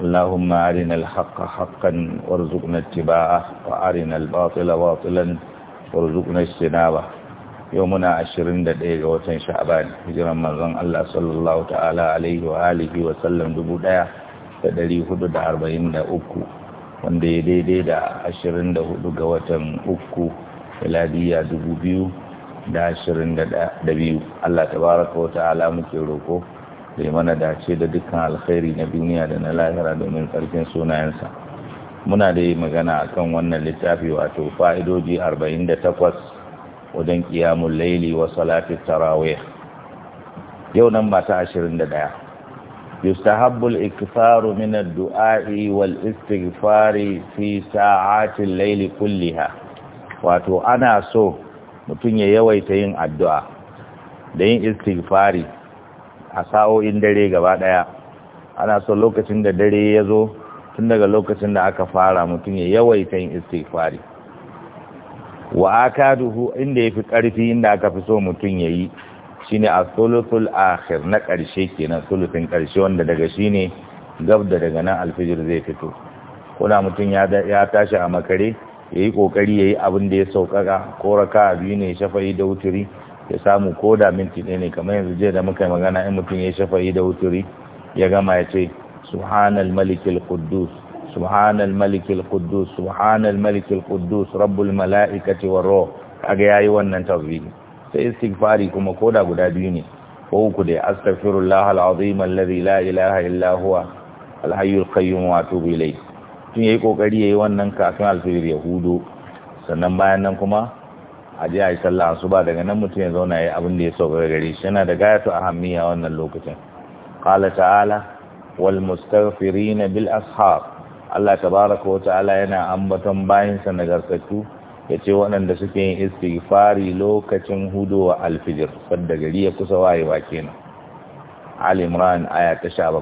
اللهم أرنا الحق حقا وارزقنا اتباعه وأرنا الباطل باطلا وارزقنا اجتنابه يومنا عشرين دقيقة وطن شعبان هجرا من الله صلى الله تعالى عليه وآله وسلم دبودا تدري حدود أربعين دا أكو wanda ya daidai da 24 ga watan uku miladiya 2022 Allah tabaraka wa ta'ala muke roko da mana dace da dukkan alkhairi na duniya da na lahira domin tsarkin sunayensa muna da yi magana akan wannan littafi wato fa'idoji 48 wajen kiyamun laili wa salafi tarawih yau nan ba ta 21 yustahabbul ikfaru min ad wal istighfari fi sa'atil laili kulliha wato ana so mutum ya yawaita yin addu'a da yin istighfari a sa'o'in dare gaba daya ana so lokacin da dare ya zo tun daga lokacin da aka fara mutum ya yawai yawaita yin istighfari wa duhu inda ya fi karfi inda aka fi so mutum ya yayi shine a sulutul akhir na karshe kenan sulutin karshe wanda daga shine gab da daga nan alfijir zai fito kuna mutum ya tashi a makare ya yayi kokari yi abin da ya sauƙaƙa ko raka biyu ne yi da wuturi ya samu ko da minti ɗaya ne kamar yanzu jiya da muka yi magana in mutum ya shafa'i da wuturi ya gama ya ce subhanal malikil quddus subhanal malikil quddus subhanal malikil quddus rabbul mala'ikati war ruh kaga yayi wannan tawbihi sai istighfari kuma koda guda biyu ne ko uku da astaghfirullah alazim alladhi la ilaha illa huwa alhayyul qayyum wa atubu ilayh tun yayi kokari yayi wannan kafin alfajir ya hudu sannan bayan nan kuma a jihar a yi sallah asuba daga nan mutum ya zauna ya abin da ya sauka gare shi yana da gayatu ahammiya wannan lokacin qala ta'ala wal mustaghfirina bil ashab Allah tabaraka wa ta'ala yana ambaton bayin sa garkatu yace waɗanda suke yin istighfari lokacin wa alfijir sadda gari ya kusa wayewa kenan Ali Imran aya ta 17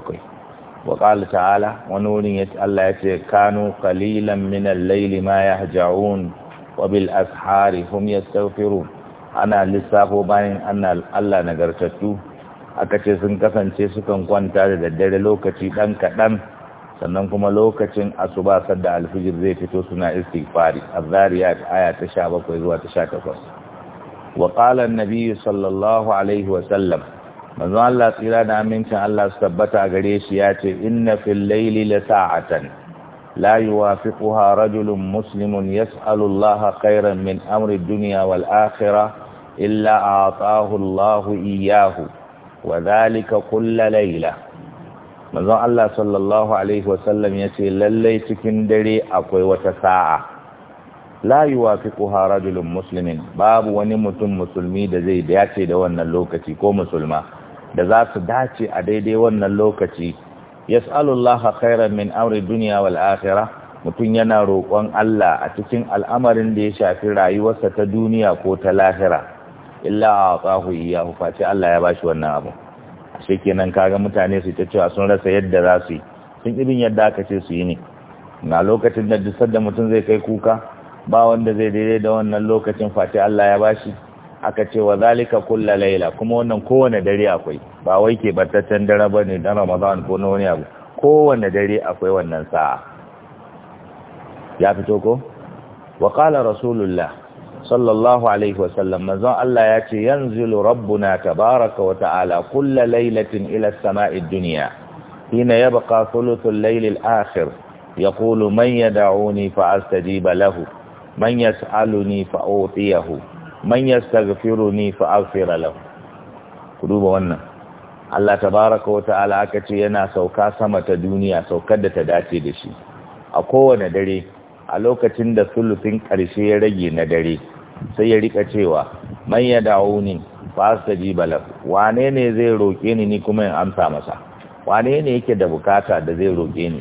وقال تعالى ya الله يتكانوا قليلا من الليل ma يهجعون wa ashari hum yastaghfirun ana lissafo bayan Allah nagartattu aka ce sun kasance sukan kwanta da daddare lokaci dan kadan sannan kuma lokacin asuba sadda alfijir zai fito suna istighfari az-zariyat aya ta 17 zuwa ta 18 wa qala an-nabi sallallahu alaihi wa sallam manzo Allah tsira da amincin Allah su tabbata gare shi ya ce inna fil layli la sa'atan لا يوافقها رجل مسلم يسأل الله خيرا من أمر الدنيا illa إلا أعطاه الله إياه وذلك كل ليلة manzon Allah sallallahu alaihi wasallam yace lallai cikin dare akwai wata sa'a la yuwafiquha rajulun muslimin babu wani mutum musulmi da zai dace da wannan lokaci ko musulma da za su dace a daidai wannan lokaci yas'alullaha khairan min amri duniya wal akhirah mutum yana roƙon Allah a cikin al'amarin da ya shafi rayuwarsa ta duniya ko ta lahira illa ya iyyahu face Allah ya bashi wannan abu sai kenan kaga mutane su ta cewa sun rasa yadda za su yi sun irin yadda aka ce su yi ne na lokacin da duk da mutum zai kai kuka ba wanda zai daidai da wannan lokacin Fati Allah ya bashi aka ce wa zalika kulla laila kuma wannan kowane dare akwai ba wai ke battaccen dare ba ne na ramadan ko na wani abu kowane dare akwai wannan sa'a ya fito ko wa qala rasulullah sallallahu alaihi wasallam manzon Allah ya ce yanzilu rabbuna tabaraka wa ta'ala kulla lailatin ila as-sama'i dunya hina yabqa thuluthul layli al-akhir yaqulu man yad'uni fa astajiba lahu man yas'aluni fa utiyahu man yastaghfiruni fa aghfir lahu ku duba wannan Allah tabaraka wa ta'ala aka ce yana sauka sama ta duniya saukar da ta dace da shi a kowane dare a lokacin da sulufin ƙarshe ya rage na dare sai ya rika cewa man ya dawo ni fa astajiba lahu wane ne zai roke ni ni kuma in amsa masa wane ne yake da bukata da zai roke ni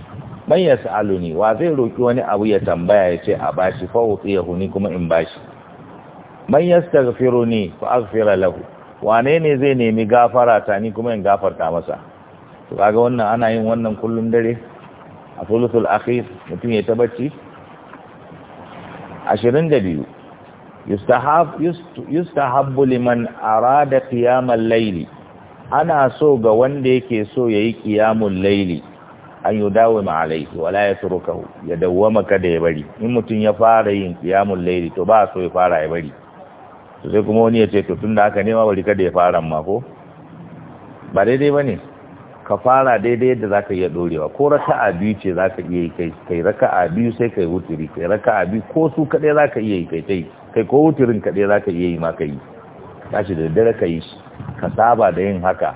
man sa'aluni wa zai roki wani abu ya tambaya ya ce a bashi fa ya huni kuma in bashi man yastaghfiruni fa aghfira lahu wane ne zai nemi gafara ta ni kuma in gafarta masa to kaga wannan ana yin wannan kullum dare a fulutul akhir mutum ya tabbaci 22 yustahab yustahabbu liman arada qiyamal layli ana so ga wanda yake so yayi qiyamul layli an yudawima alayhi wala yatrukahu ya kada ya bari in mutum ya fara yin qiyamul layli to ba so ya fara ya bari sai kuma wani ya ce to tun da haka nema bari kada ya fara ma ko ba daidai ba ne ka fara daidai yadda za ka iya dorewa ko a biyu ce za ka iya yi kai kai a biyu sai kai wuturi kai a biyu ko su kaɗai za ka iya yi kai kai kai ko wuturin kaɗai za ka iya yi ma ka yi tashi da daddare ka yi ka saba da yin haka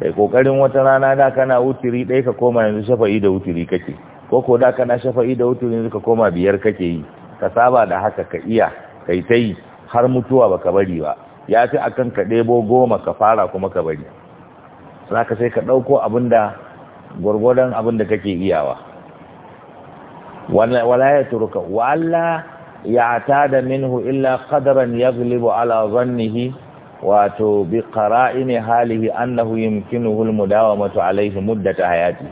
kai kokarin wata rana da kana wuturi ɗaya ka koma yanzu shafa'i da wuturi kake ko ko da kana shafa'i da wuturi yanzu ka koma biyar kake yi ka saba da haka ka iya kai ta yi har mutuwa baka bari ba ya fi akan ka ɗebo goma ka fara kuma ka bari ka sai ka ɗauko abin da gwargwadon abin da kake iyawa wala ya turka Allah ya ta da minhu illa qadaran yaglibu ala zannihi wato bi qara'ini halihi annahu yumkinuhu almudawamatu alayhi muddat hayati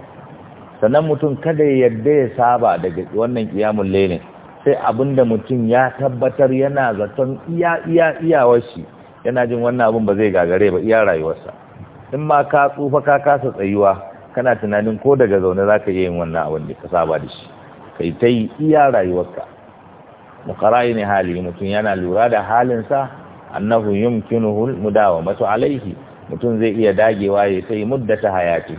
sannan mutum kada ya yadda ya saba daga wannan qiyamul laylin sai abin da mutum ya tabbatar yana zaton iya iya iyawar shi yana jin wannan abin ba zai gagare ba iya rayuwarsa in ma ka tsufa ka kasa tsayuwa kana tunanin ko daga zaune za ka iya yin wannan abin da ka saba da shi kai ta yi iya rayuwarka mukara ne hali mutum yana lura da halinsa annahu yumkinuhu masu alaihi mutum zai iya dagewa ya sai muddata hayati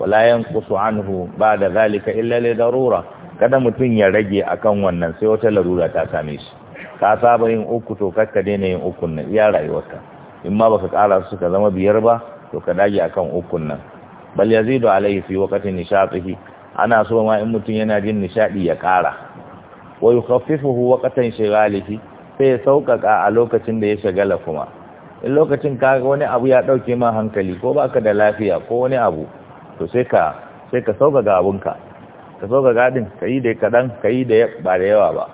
wala yanqusu anhu da zalika illa li darura kada mutum ya rage akan wannan sai wata larura ta same shi ka saba yin uku to kakka daina yin ukun nan iya rayuwarka in ma baka kara su ka zama biyar ba to ka dage akan ukun nan bal yazidu alayhi fi waqtin nishatihi ana so ma in mutum yana jin nishadi ya kara wa yukhaffifuhu waqtan shighalihi sai ya sauƙaƙa a lokacin da ya shagala kuma in lokacin kaga wani abu ya ɗauke ma hankali ko baka da lafiya ko wani abu to sai ka sai ka sauƙaƙa abunka ka zo ga gadin ka yi da kaɗan ka yi da ba da yawa ba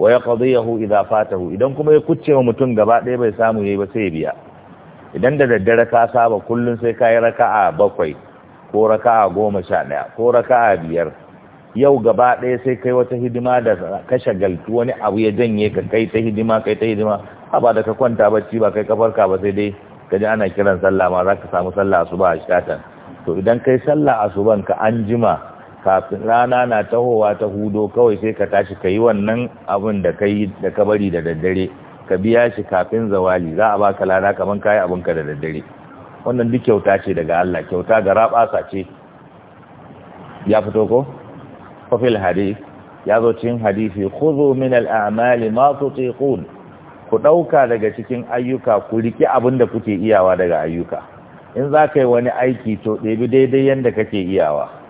wa ya qadiyahu idza fatahu idan kuma ya kucce wa mutum gaba ɗaya bai samu yayi ba sai ya biya idan da daddare ka saba kullum sai ka yi raka'a bakwai ko raka'a goma sha ɗaya ko raka'a biyar yau gaba ɗaya sai kai wata hidima da ka shagaltu wani abu ya janye ka kai ta hidima kai ta hidima a ba da ka kwanta bacci ba kai kafarka ba sai dai ka ji ana kiran sallah ma za ka samu sallah asuba a shatan to idan kai sallah asuban ka an jima kafin rana na tahowa ta hudo kawai sai ka tashi ka yi wannan abin da ka yi da ka bari da daddare ka biya shi kafin zawali za a baka lada kaman kayi abinka da daddare wannan duk kyauta ce daga Allah kyauta ga rabasa ce ya fito ko fil hadith ya zo cikin hadisi khudhu min al a'mal ma tutiqun ku dauka daga cikin ayyuka ku riki abin da kuke iyawa daga ayyuka in za ka yi wani aiki to ɗebi daidai yadda kake iyawa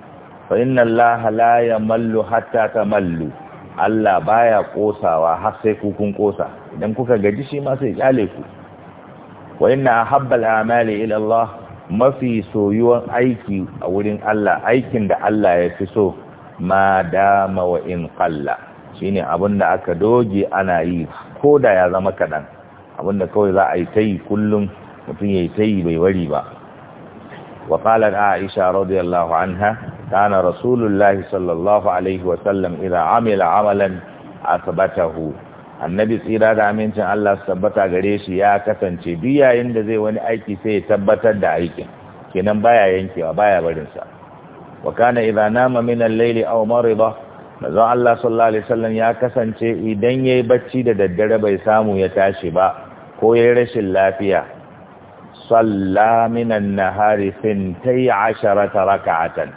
fa inna allaha la yamallu hatta tamallu Allah baya kosawa har sai ku kun kosa idan kuka gaji shi ma sai kyale ku wa inna habbal amali ila Allah mafi soyuwan aiki a wurin Allah aikin da Allah ya fi so ma dama wa in qalla shine da aka doge ana yi ko da ya zama kadan abinda kawai za a yi tayi kullum mutum ya yi tayi bai wari ba وقالت عائشة رضي الله عنها كان رسول الله صلى الله عليه وسلم إذا عمل عملا أثبته annabi tsira da amincin Allah su tabbata gare shi ya kasance duk yayin da zai wani aiki sai ya tabbatar da aikin kenan baya yankewa baya barinsa. sa wa kana idza nama min al-layli aw marida manzo Allah sallallahu alaihi wasallam ya kasance idan yayi bacci da daddare bai samu ya tashi ba ko yayi rashin lafiya salla minan nahari fintai asharata raka'atan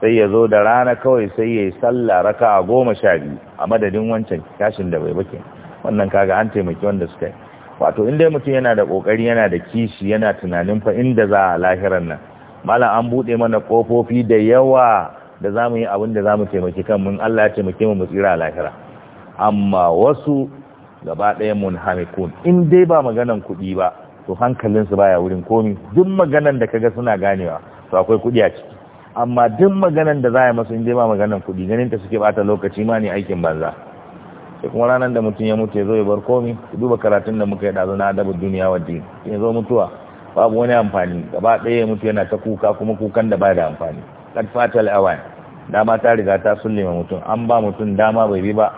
sai ya zo da rana kawai sai ya yi salla raka'a goma sha biyu a madadin wancan kashin da bai bake wannan kaga an taimaki wanda suka yi wato in dai mutum yana da kokari yana da kishi yana tunanin fa inda za a lahirar nan malam an buɗe mana ƙofofi da yawa da za mu yi abin da za mu taimaki kanmu Allah ya taimake mu mu tsira a lahira amma wasu gaba ɗaya hamikun. in dai ba maganan kuɗi ba to hankalinsu baya wurin komi duk maganan da kaga suna ganewa to akwai kudi a ciki amma duk maganan da za a yi masu inda ba maganan kuɗi ganin ta suke bata lokaci ma ne aikin banza sai kuma ranar da mutum ya mutu ya zo ya bar komi ku duba karatun da muka yi ɗazu na adabar duniya wa din ya zo mutuwa babu wani amfani gaba ɗaya ya mutu yana ta kuka kuma kukan da ba da amfani kad fatal awan dama ta riga ta sullima mutum an ba mutum dama bai bi ba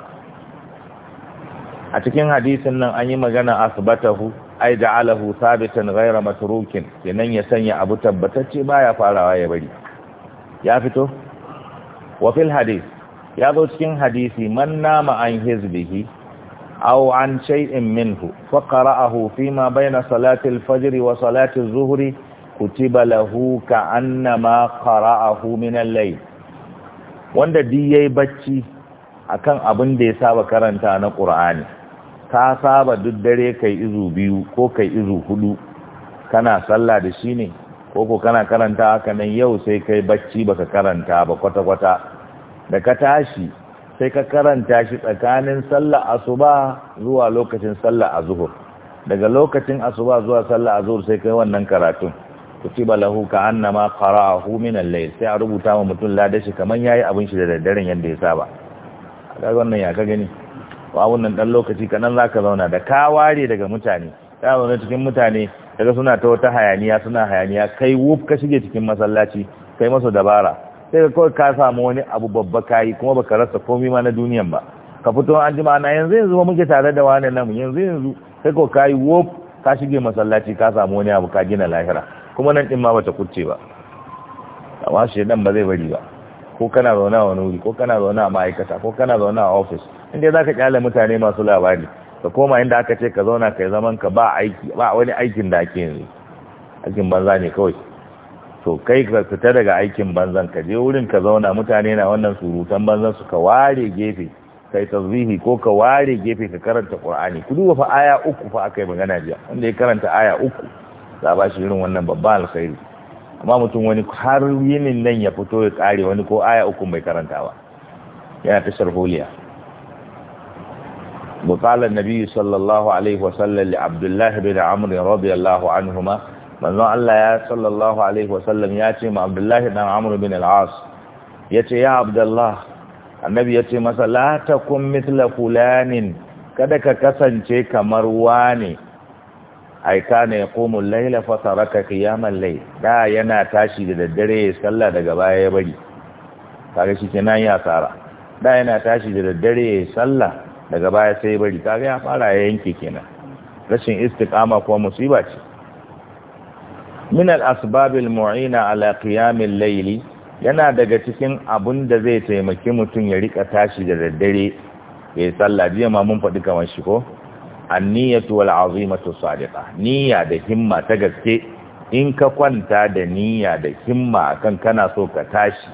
a cikin hadisin nan an yi magana asbatahu ai ja'alahu sabitan ghayra matrukin kenan ya sanya abu tabbatacce baya farawa ya bari ya fito wa fil hadith ya zo cikin hadisi man nama an hizbihi aw an shay'in minhu fa qara'ahu ma bayna salati al-fajr wa salati adh-dhuhri kutiba lahu annama qara'ahu min al-layl wanda di yayi bacci akan abin da ya saba karanta na Qur'ani ka saba duk dare kai izu biyu ko kai izu hudu kana sallah da shi ne ko ko kana karanta haka nan yau sai kai bacci baka karanta ba kwata-kwata da ka tashi sai ka karanta shi tsakanin sallah asuba zuwa lokacin sallah azhur daga lokacin asuba zuwa sallah azhur sai kai wannan karatun kutiba balahu ka annama qara'ahu min al-layl sai a rubuta wa mutum ladashi kaman yayi abin shi da daddaren yanda ya saba kaga wannan ya ka gani wa wannan dan lokaci kanan za ka zauna da ka ware daga mutane ka zauna cikin mutane daga suna ta wata hayaniya suna hayaniya kai wuf ka shige cikin masallaci kai masa dabara sai ka kawai ka samu wani abu babba kayi kuma baka rasa komai ma na duniyan ba ka fito an na yanzu yanzu muke tare da wani nan yanzu yanzu sai ko kayi wuf ka shige masallaci ka samu wani abu ka gina lahira kuma nan din ma bata kucce ba amma dan ba zai bari ba ko kana zauna a wani wuri ko kana zauna a ma'aikata ko kana zauna a office inda za ka kyale mutane masu labari ka koma inda aka ce ka zauna ka yi zaman ka ba aiki wani aikin da ake yanzu aikin banza ne kawai to kai ka fita daga aikin banzan ka je wurin ka zauna mutane na wannan surutan banzan su ka ware gefe kai tasbihi ko ka ware gefe ka karanta qur'ani ku duba fa aya uku fa akai magana jiya wanda ya karanta aya uku za ba shi irin wannan babban alkhairi amma mutum wani har yinin nan ya fito ya kare wani ko aya uku bai karanta ba yana ta sharholiya وقال النبي صلى الله عليه وسلم لعبد الله بن رضي الله عنهما manzon Allah ya sallallahu alaihi ce ma Abdullahi dan Amr bin al-As yace ya Abdullah annabi yace masa la takum mithla fulanin kada ka kasance kamar wane. Aika kana yaqumu al-layla fa taraka qiyam da yana tashi da daddare sallah daga baya ya bari kaga shi kenan ya tsara da yana tashi da daddare sallah daga baya sai ya bari kaga ya fara ya yanke kenan rashin istiqama ko musiba ce min al-asbab al-mu'ina ala qiyam layli yana daga cikin abun da zai taimaki mutum ya rika tashi da daddare ya salla sallah jiya ma mun faɗi kamar shi ko An anniyatu wal azimatu sadiqa niyya da himma ta gaske in ka kwanta da niyya da himma kan kana so ka tashi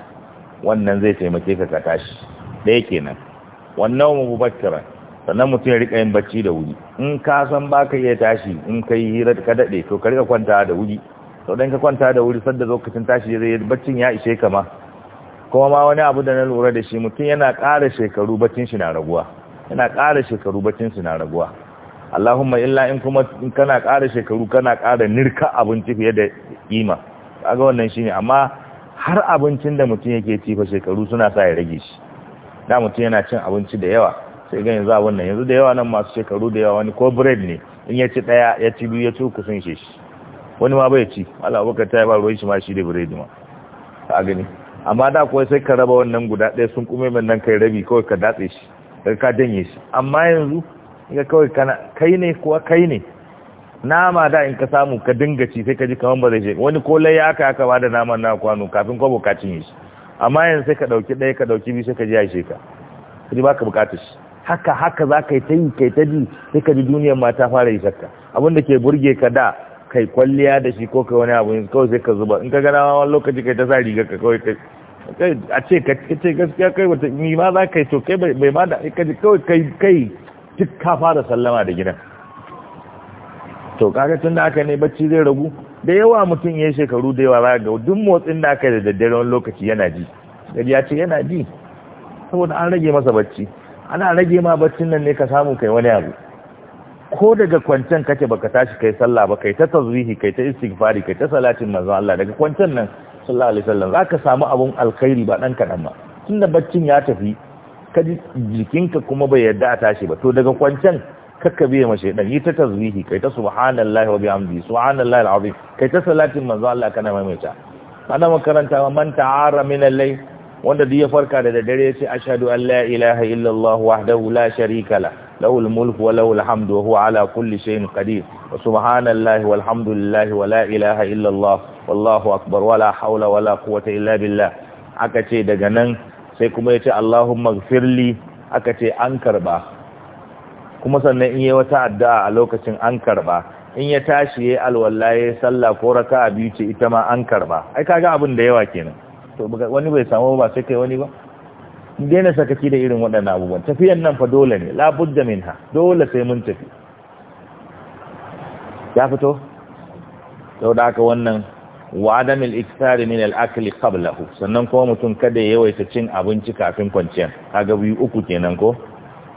wannan zai taimake ka ka tashi ɗaya kenan wannan mu mubakkira sannan mutum ya rika yin bacci da wuri in ka san baka iya tashi in kai hira ka dade to ka rika kwanta da wuri to dan ka kwanta da wuri sanda lokacin tashi zai baccin ya ishe ka ma kuma ma wani abu da na lura da shi mutum yana ƙara shekaru baccin shi na raguwa yana ƙara shekaru baccin shi na raguwa Allahumma illa in kuma in kana ƙara shekaru kana ƙara nirka abinci fiye da kima kaga wannan shine amma har abincin da mutum yake ci shekaru suna sa ya rage shi da mutum yana cin abinci da yawa sai gani za a wannan yanzu da yawa nan masu shekaru da yawa wani ko bread ne in ya ci daya ya ci biyu ya ci uku sun shi wani ma bai ci wala abubakar ta yi ba ruwan shi ma shi da bread ma a gani amma da kuwa sai ka raba wannan guda ɗaya sun kume min nan kai rabi kawai ka datse shi daga ka janye shi amma yanzu ga kawai kana kai ne kuwa kai ne nama da in ka samu ka dinga ci sai ka ji kamar ba zai shi wani ko lai aka aka ba da naman na kwano kafin kwabo ka cinye shi amma yanzu sai ka ɗauki ɗaya ka ɗauki biyu sai ka ji ya sheka ka ba ka bukatar shi haka haka za ka yi ta yi kai ta ji sai ka ji duniyar ma ta fara yi shakka abinda da ke burge ka da kai kwalliya da shi ko kai wani abu kawai sai ka zuba in ka gana wani lokaci kai ta sa rigar ka kawai kai a ce ka ce gaskiya kai wata ni ma za ka yi to kai bai ma da ka ji kawai kai kai duk ka fara sallama da gidan to kaga tun da haka ne bacci zai ragu da yawa mutum ya shekaru da yawa za ga duk motsin da aka yi da daddare wani lokaci yana ji gari ya ce yana ji saboda an rage masa bacci ana rage ma baccin nan ne ka samu kai wani abu ko daga kwancen kake baka tashi kai sallah ba kai ta tazwihi kai ta istighfari kai ta salatin manzon Allah daga kwancen nan sallallahu alaihi wasallam zaka samu abun alkhairi ba dan kadan ba tunda baccin ya tafi ka jikinka kuma bai yarda a tashi ba to daga kwancen kakka biye ma shaidan yi ta tasbihi kai ta subhanallahi wa bihamdi subhanallahi alazim kai ta salatin manzo Allah kana maimaita ana makaranta man ta'ara min al-layl wanda duk ya farka da dare ya ce ashhadu an la ilaha illallah wahdahu la sharika la lahu al-mulku wa lahu al-hamdu wa huwa ala kulli shay'in qadir wa subhanallahi walhamdulillahi wa la ilaha illallah wallahu akbar wala hawla wala quwwata illa billah aka ce daga nan sai kuma ya ce allahumma ighfirli aka ce an karba kuma sannan in yi wata addu'a a lokacin an karba in ya tashi ya alwala ya salla ko raka a biyu ce ita ma an karba ai kaga abin da yawa kenan to wani bai samu ba sai kai wani ba daina sakaki da irin waɗannan abubuwan tafiyan nan fa dole ne labudda minha dole sai mun tafi ya fito sau da aka wannan وعدم min al akli qablahu sannan kuma mutum kada ya yawaita cin abinci kafin kwanciya kaga biyu uku kenan ko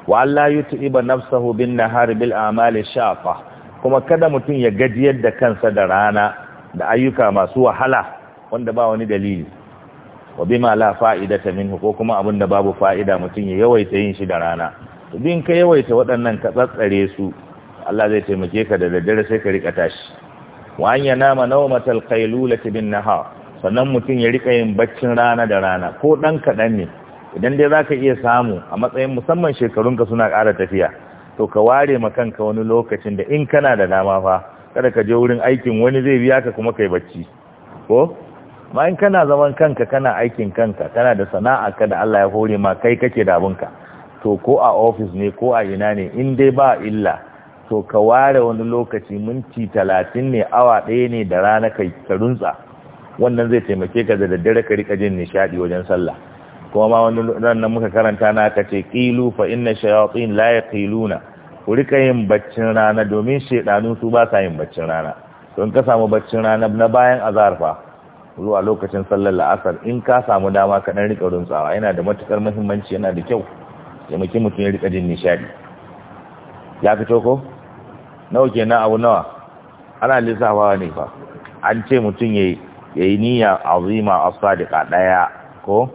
wa Allah iba nafsahu bin nahar bil a'mali shaqa kuma kada mutum ya gajiyar da kansa da rana da ayyuka masu wahala wanda ba wani dalili wa bima la fa'idata minhu ko kuma abin da babu fa'ida mutum ya yawaita yin shi da rana to bin ka yawaita waɗannan ka tsatsare su Allah zai taimake ka da daddare sai ka rika tashi wa an yanama kailu qailulati bin nahar sannan mutum ya rika yin baccin rana da rana ko ɗan kaɗan ne idan dai za ka iya samu a matsayin musamman shekarunka suna ƙara tafiya to ka ware ma kanka wani lokacin da in kana da dama fa kada ka je wurin aikin wani zai biya ka kuma kai bacci ko ma in kana zaman kanka kana aikin kanka kana da sana'a ka da Allah ya hore ma kai kake da bunka to ko a ofis ne ko a ina ne in dai ba illa to ka ware wani lokaci minti talatin ne awa ɗaya ne da rana kai ka runtsa wannan zai taimake ka da daddare ka rika jin nishaɗi wajen sallah kuma ma wani ranar muka karanta na aka ce ƙilu fa inna shayatin la ya ƙiluna ku rika yin baccin rana domin shaidanu su ba sa yin baccin rana don ka samu baccin rana na bayan azhar fa zuwa lokacin sallar la'asar in ka samu dama ka dan rika runtsawa yana da matukar muhimmanci yana da kyau ya muke mutum ya rika jin nishadi ya fito ko nawa kenan abu nawa ana lissafawa ne fa an ce mutum ya yi niyya azima as-sadiqa daya ko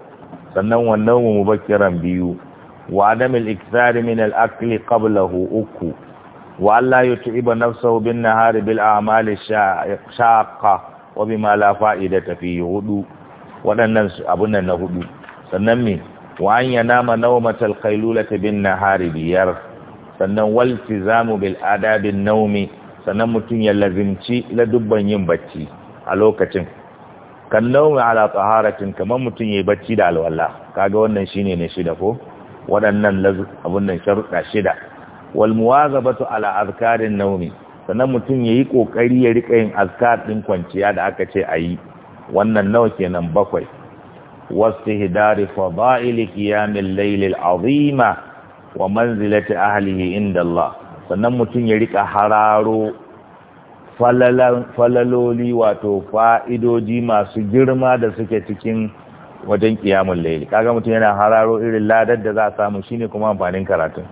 sannan wannan mu mubakkiran biyu wa adam al-ikthar min al-akli qablahu uku wa alla yut'iba nafsahu bin nahari bil a'mal shaqqa wa bima la fa'idata fi hudu wadannan abun nan na hudu sannan me wa an yanama nawmatal qailulati bin nahari biyar sannan waltizamu bil adabin nawmi sannan mutun ya lazimci dubban yin bacci a lokacin kan ala taharatin kamar mutum yayi bacci da alwala kaga wannan shine ne shida ko waɗannan abun nan sharuɗa shida wal muwazabatu ala azkarin naumi sannan mutum yayi kokari ya rika yin azkar din kwanciya da aka ce ayi wannan nawa kenan bakwai واستهدار فضائل lailil azima wa manzilati أهله inda Allah sannan mutum ya rika hararo falaloli wato fa'idoji masu girma da suke cikin wajen kiyamun laili kaga mutum yana hararo irin ladar da za a samu shine kuma amfanin karatun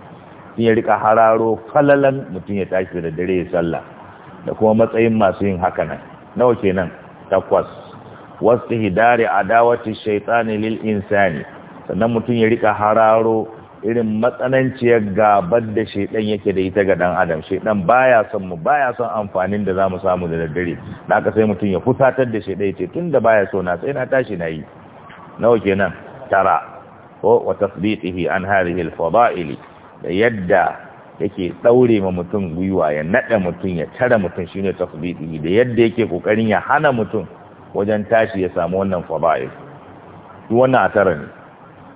sun yi rika hararo falalan mutum ya tashi da dare ya sallah da kuma matsayin masu yin haka nan nawa kenan takwas wasu hidari adawati shaitani lil insani sannan mutum ya rika hararo irin matsananciyar gabar da shaidan yake da ita ga dan adam shaidan baya son mu baya son amfanin da zamu samu da daddare da aka sai mutum ya fusatar da shaidan tun da baya so na sai na tashi nayi nawa kenan tara ko wa tasbiqihi an hadhihi al-fada'ili da yadda yake daure ma mutum gwiwa ya nada mutum ya tara mutum shine tasbiqihi da yadda yake kokarin ya hana mutum wajen tashi ya samu wannan fada'il duk wannan a tara ne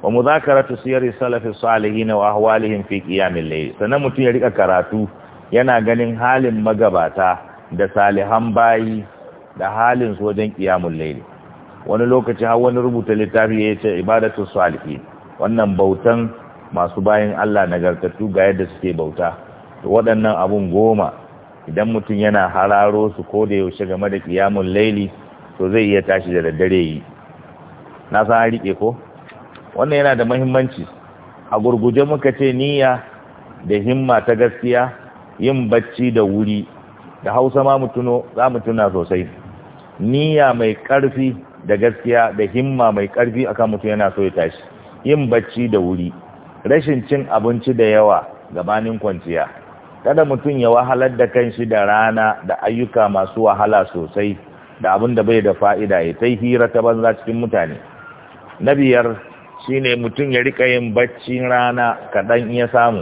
wa muzakaratu siyar salafi salihin wa ahwalihim fi qiyamil layl sanan mutun ya rika karatu yana ganin halin magabata da salihan bayi da halin su wajen qiyamul layl wani lokaci har wani rubuta littafi ya ce ibadatu salihin wannan bautan masu bayan Allah nagartattu ga yadda suke bauta to waɗannan abun goma idan mutum yana hararo su ko da yaushe game da qiyamul laili, to zai iya tashi da daddare yi na san rike ko wannan yana da mahimmanci a gurguje muka ce niyya da himma ta gaskiya yin bacci da wuri da hausa ma mutuno za mu tuna sosai niyya mai ƙarfi da gaskiya da himma mai ƙarfi akan mutum yana so ya tashi yin bacci da wuri rashin cin abinci da yawa gabanin kwanciya kada mutum ya wahalar da kanshi da rana da ayyuka masu wahala sosai da abin da bai da fa'ida ya ta hira ta banza cikin mutane na biyar Shi ne mutum ya rika yin baccin rana kaɗan ya samu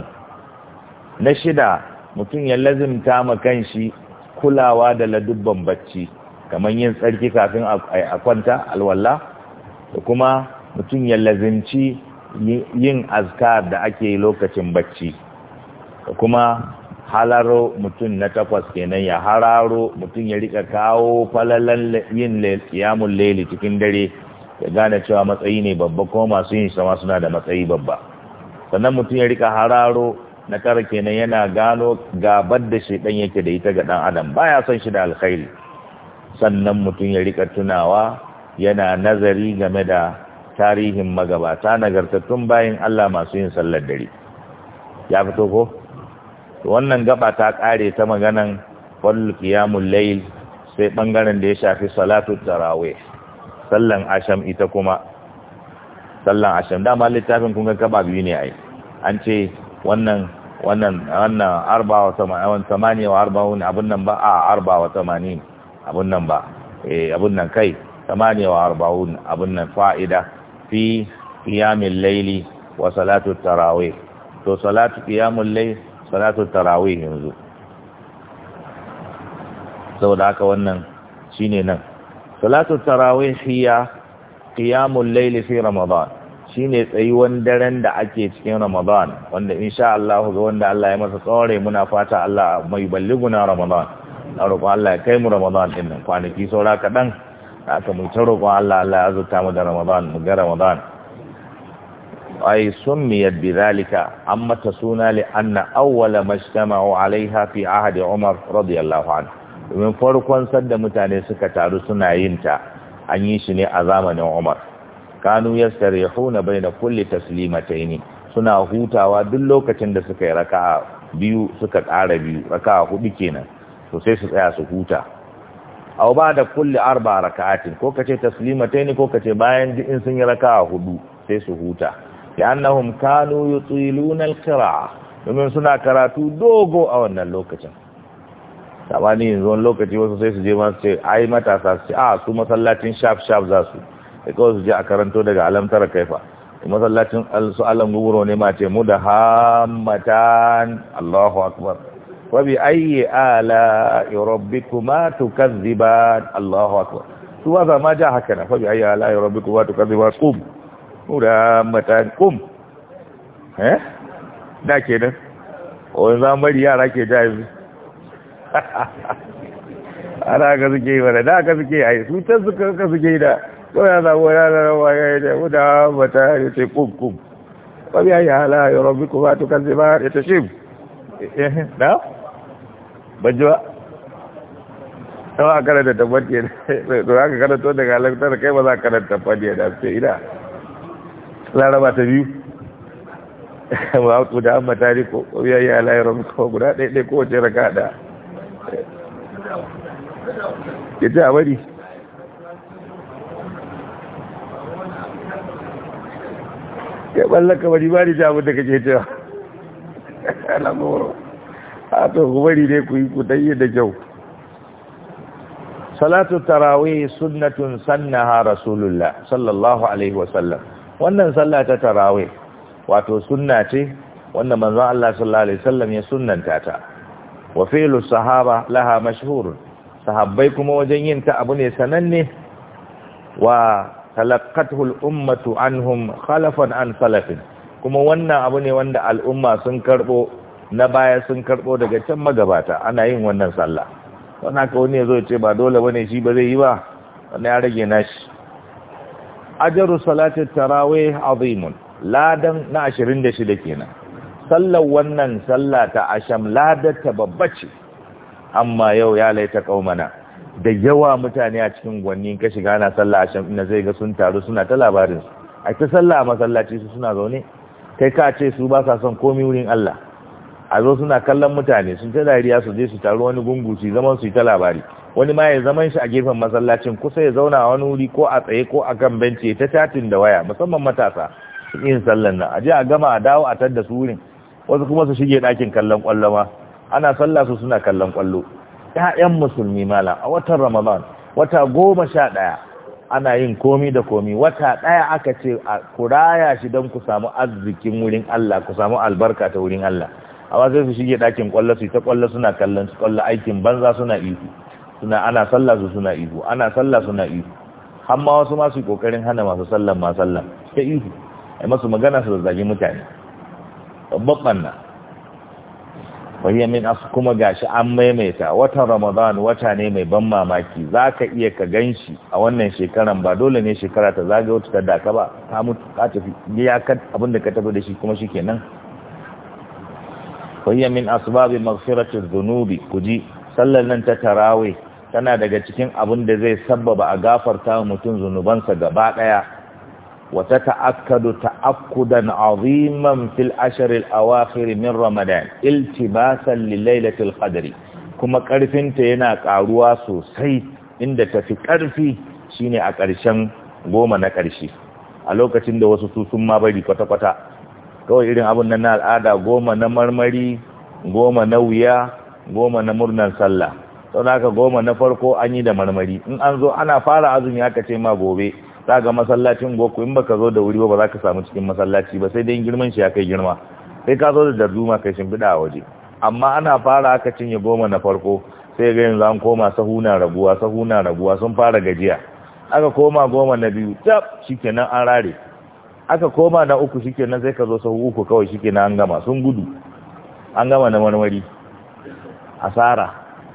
na shida mutum ya lazimta ma kan shi kulawa da ladubban bacci kamar yin tsarki kafin a kwanta alwala da kuma mutum ya lazimci yin azkar da ake yi lokacin bacci da kuma halaro mutum na takwas kenan ya hararo mutum ya rika kawo falalan yin kiyamun leli cikin dare ya gane cewa matsayi ne babba kuma masu yin sama suna da matsayi babba sannan mutum ya rika hararo na kara kenan yana gano gabar da shi ɗan yake da ita ga dan adam baya son shi da alkhairi sannan mutum ya rika tunawa yana nazari game da tarihin magabata nagartattun bayan Allah masu yin sallar dare ya fito ko wannan gaba ta kare ta maganan qul qiyamul layl sai bangaren da ya shafi salatu tarawih sallan asham ita kuma sallan asham dama littafin kun ga kaba biyu ne ai an ce wannan wannan wannan arba wa samanin samani wa arba'un abun nan ba a arba wa samanin abun nan ba eh abun nan kai samaniya wa arba'un abun nan fa'ida fi qiyamil layli wa salatu tarawih to salatu qiyamul layl salatu tarawih yanzu saboda haka wannan shine nan salatu tarawih hiya qiyamul layli fi ramadan shine tsayuwan daren da ake cikin ramadan wanda insha Allah ga wanda Allah ya masa tsore muna fata Allah mai balliguna ramadan na roƙon Allah ya kai mu ramadan din nan kwanaki saura kaɗan aka mu ta Allah Allah ya azurta mu da ramadan mu ga ramadan ay summiyat bidhalika amma an li anna awwala majtama'u 'alayha fi ahdi Umar radiyallahu anhu domin farkon sanda mutane suka taru suna yin ta an yi shi ne a zamanin Umar kanu ya bai na kulle taslimataini suna hutawa duk lokacin da suka yi raka'a biyu suka ƙara biyu raka'a hudu kenan to sai su tsaya su huta A ba da kulle arba raka'atin ko kace taslimataini ko kace bayan in sun yi raka'a hudu sai su huta li'annahum kanu yutiluna al kira, domin suna karatu dogo a wannan lokacin ni yanzu wani lokaci wasu sai su je masu ce ai matasa su ce a su masallacin shaf shaf za su da kawai su je a karanto daga alamtara kaifa masallacin su alam guguro ne ma ce mu da hamatan allahu akbar wabi ayi ala rabbikuma tukazziban allahu akbar su ba za ma ja haka na fabi ayi ala rabbikuma tukazziban qum mu da hamatan qum eh da kenan wani zamari yara ke jayi ana ka suke wani da ka suke a yi su ta suka ka suke da ko ya samu ranar waya ya ce guda mata ya ce kum kum ba biya ya hala ya rabu kuma to kan zai ba ya ta shi eh, eh, na ban ji ba ta ba karanta tabbat ya da za ka karanta daga halartar kai ba za ka karanta tabbat ya da su ina laraba ta biyu ba da an mata ne ko ya yi ala ya rabu kuma guda ɗaya ɗaya wace raka da ya ce a bari ya ballaka bari ba da jamu da kake cewa alamoro a to ku bari ne ku yi ku danye da kyau salatu tarawih sunnatun sannaha rasulullah sallallahu alaihi wasallam wannan sallah ta tarawih wato sunna ce wanda manzon Allah sallallahu alaihi wasallam ya sunnanta ta wa fi'lu sahaba laha mashhurun sahabbai kuma wajen yin ta abu ne sananne wa talakatul ummatu anhum khalafan an salafin kuma wannan abu ne wanda al'umma sun karbo na baya sun karbo daga can magabata ana yin wannan sallah wannan ka wani yazo ce ba dole bane shi ba zai yi ba wannan ya rage nashi ajru salati tarawih azimun ladan na 26 kenan sallar wannan sallah ta asham ladar ta babba amma yau ya laita kaumana. da yawa mutane a cikin gwanni ka shiga na sallah a shan ina zai ga sun taru suna ta labarin su a ta sallah a masallaci su suna zaune kai ka ce su ba sa son komai wurin Allah a zo suna kallon mutane sun ta dariya su je su taru wani gungu su zaman su ta labari wani ma ya zaman shi a gefen masallacin kusa ya zauna a wani wuri ko a tsaye ko a kan benci ta tatin da waya musamman matasa su yin sallan nan a je a gama a dawo a tadda su wurin wasu kuma su shige ɗakin kallon ƙwallon ana sallah su suna kallon kwallo ƴaƴan musulmi mala a watan ramadan wata goma sha ɗaya ana yin komi da komi wata ɗaya aka ce a kuraya shi don ku samu arzikin wurin Allah ku samu albarka ta wurin Allah amma sai su shige ɗakin kwallo su ta kwallo suna kallon su kwallo aikin banza suna ihu suna ana sallah su suna ihu ana sallah suna ihu har wasu ma su kokarin hana masu sallan ma sallan ta ihu ai masu magana su zazzagi mutane babban wahiyar min asu kuma gashi an maimaita watan ramadan wata ne mai ban mamaki za ka iya ka gan shi a wannan shekaran ba dole ne shekara ta zagaye wata da ka ba ta mutu ka tafi abin da ka tafi da shi kuma shi nan wahiyar min asbabi zunubi dhunubi kuji sallar nan ta tarawe tana daga cikin abin da zai sabbaba a gafarta mutum zunubansa gaba daya وتتأكد تأكدا عظيما في الأشر الأواخر من رمضان التباسا لليلة القدر كما yana ƙaruwa sosai, inda عند ƙarfi shine شيني ƙarshen goma na ƙarshe a lokacin da wasu su sun ma bari kwata-kwata kawai irin abin nan na al'ada goma na marmari goma na wuya goma na murnan sallah sau da goma na farko an yi da marmari in an zo ana fara azumi aka ce ma gobe za ga masallacin goku in baka zo da wuri ba za ka samu cikin masallaci ba sai dai girman shi ya kai girma sai ka zo da darduma kai shimfiɗa a waje amma ana fara aka cinye goma na farko sai ga yanzu an koma sahuna raguwa sahuna raguwa sun fara gajiya aka koma goma na biyu tab shikenan an rare aka koma na uku shikenan sai ka zo sahu uku kawai shikenan an gama sun gudu an gama na marmari asara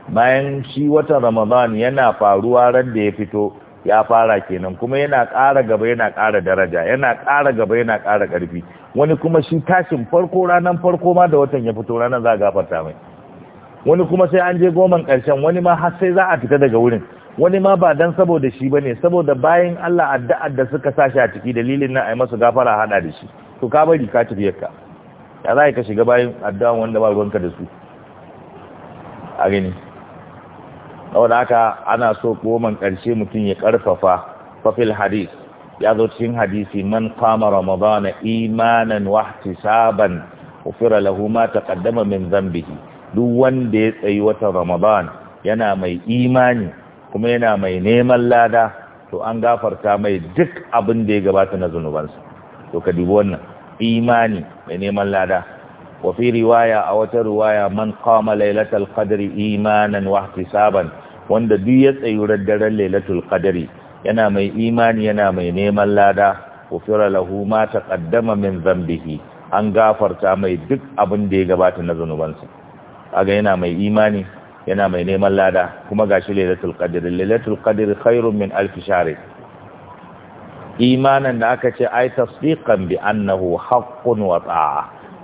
bayan shi watan ramadan yana faruwa ran da ya fito ya fara kenan kuma yana ƙara gaba yana ƙara daraja yana ƙara gaba yana ƙara ƙarfi wani kuma shi tashin farko ranan farko ma da watan ya fito ranar za a gafarta mai wani kuma sai an je goman ƙarshen wani ma har sai za a fita daga wurin wani ma ba dan saboda shi bane saboda bayan Allah addu'ar da suka sashi a ciki dalilin nan ai masa gafara hada da shi to ka bari ka tafiyar ka ya za ka shiga bayan addu'a wanda ba ruwanka da su a gani saboda haka ana so koman ƙarshe mutum ya ƙarfafa fafil hadis ya zo cikin hadisi man kama ramadana imanan wa ihtisaban ufira lahu ma taqaddama min dhanbihi duk wanda ya tsayi watan ramadan yana mai imani kuma yana mai neman lada to an gafarta mai duk abin da ya gabata na zunubansa to ka dubi wannan imani mai neman lada Wafi riwaya a wata riwaya man qama lailatul qadri imanan wa ihtisaban wanda duk ya tsayu daren lailatul qadri yana mai imani yana mai neman lada ufira lahu ma taqaddama min dhanbihi an gafarta mai duk abin da ya gabata na zanubansa kaga yana mai imani yana mai neman lada kuma gashi lailatul qadr lailatul qadr khairun min alf Imanin da aka ce ai tasdiqan bi annahu haqqun wa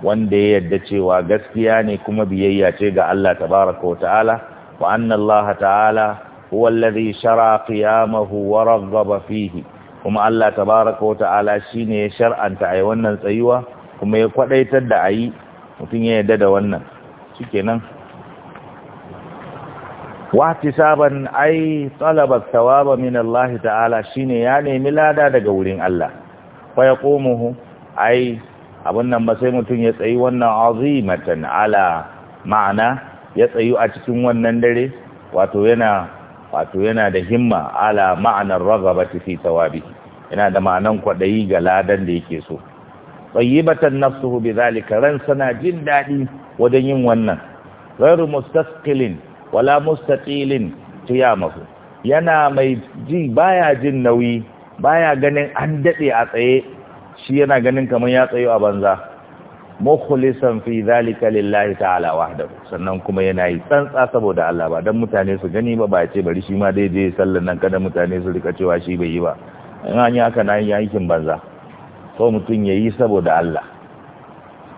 wanda ya yarda cewa gaskiya ne kuma biyayya ce ga Allah tabaraka wa ta'ala wa anna Allah ta'ala huwa alladhi shara qiyamahu wa raghaba fihi kuma Allah tabaraka wa ta'ala shine ya shar'anta ai wannan tsayuwa kuma ya kwadaitar da ayi mutun ya yarda da wannan shikenan wahtisaban ai talaba thawaba min Allah ta'ala shine ya nemi lada daga wurin Allah fa yaqumuhu ai abin nan ba sai mutum ya tsayi wannan azimatan ala ma'ana ya tsayi a cikin wannan dare wato yana wato yana da himma ala ma'anar ragabati fi tawabi, yana da ma'anan kwadayi ga ladan da yake so tayyibatan nafsuhu zalika ran sana jin dadi wajen yin wannan ghairu mustasqilin wala mustaqilin tiyamahu yana mai ji baya jin nauyi baya ganin an dade a tsaye shi yana ganin kamar ya tsayo a banza mukhlisan fi zalika lillahi ta'ala wahdahu sannan kuma yana yi tsantsa saboda Allah ba dan mutane su gani ba ba ce bari shi ma dai je sallan nan kada mutane su rika cewa shi bai yi ba in an yi haka na yi aikin banza so mutum ya yi saboda Allah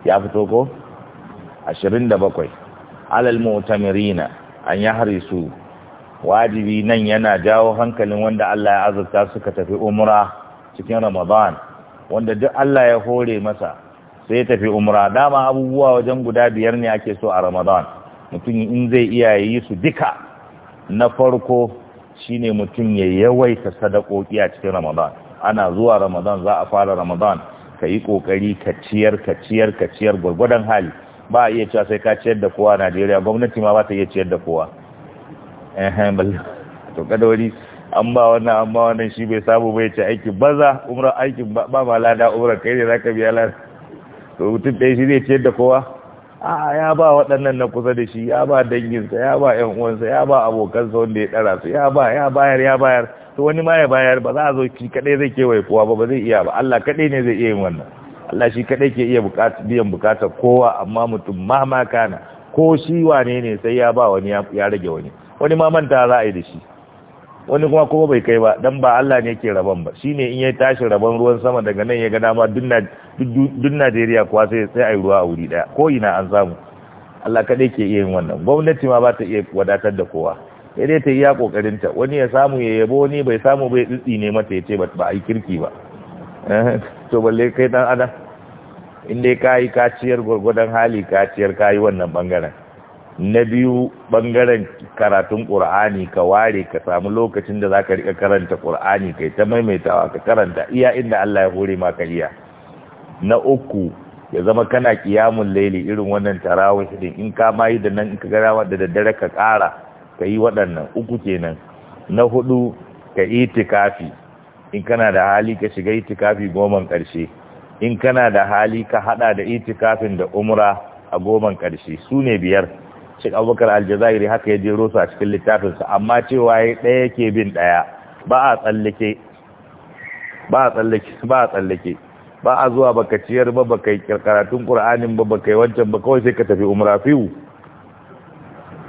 ya fito ko 27 alal mu'tamirina an harisu wajibi nan yana jawo hankalin wanda Allah ya azurta suka tafi umra cikin Ramadan wanda duk Allah ya hore masa sai ya tafi umra dama abubuwa wajen guda biyar ne ake so a ramadan mutum in zai iya yi su duka na farko shine mutum ya yawaita sadakoki a cikin ramadan ana zuwa ramadan za a fara ramadan ka yi kokari ka ciyar ka ciyar ka ciyar gwargwadon hali ba a iya cewa sai ka ciyar da kowa a najeriya gwamnati ma ba ta iya ciyar da kowa to kadori an ba wannan an ba wannan shi bai samu bai ce aiki baza umra aikin ba ma lada umra kai ne za ka biya lada to mutum ɗaya shi zai ciyar da kowa a ya ba waɗannan na kusa da shi ya ba danginsa ya ba ƴan uwansa ya ba abokansa wanda ya ɗara su ya ba ya bayar ya bayar to wani ma ya bayar ba za a zo ki kaɗai zai kewaye kowa ba ba zai iya ba Allah kaɗai ne zai iya yin wannan Allah shi kaɗai ke iya biyan bukatar kowa amma mutum ma ma kana ko shi wane ne sai ya ba wani ya rage wani wani ma manta za a yi da shi wani kuma kuma bai kai ba dan ba Allah ne ke rabon ba shine in ya tashi rabon ruwan sama daga nan ya ga dama duk Najeriya kuwa sai sai ai ruwa a wuri daya ko ina an samu Allah kadai ke iya yin wannan gwamnati ma ba ta iya wadatar da kowa sai dai ta yi ya kokarin ta wani ya samu ya yabo ni bai samu bai tsitsi ne mata ya ce ba a yi kirki ba eh, to balle kai dan adam in dai ka kaciyar gwargwadon hali kaciyar ka wannan bangaren na biyu bangaren karatun ƙur'ani ka ware ka samu lokacin da za ka rika karanta ƙur'ani kai ta maimaitawa ka karanta iya inda Allah ya hore maka iya na uku ya zama kana kiyamun laili irin wannan tarawih din in ka ma da nan in ka gara da daddare ka ƙara ka yi waɗannan uku kenan na hudu ka itikafi in kana da hali ka shiga itikafi goman ƙarshe in kana da hali ka hada da itikafin da umra a goman ƙarshe su ne biyar Sheikh Abubakar Aljazairi haka ya jero su a cikin littafinsa amma cewa ya ɗaya yake bin ɗaya ba a tsallake ba a tsallake ba a tsallake ba a zuwa baka ciyar ba baka yi karkaratun ƙura'anin ba baka yi wancan ba kawai sai ka tafi umra fiwu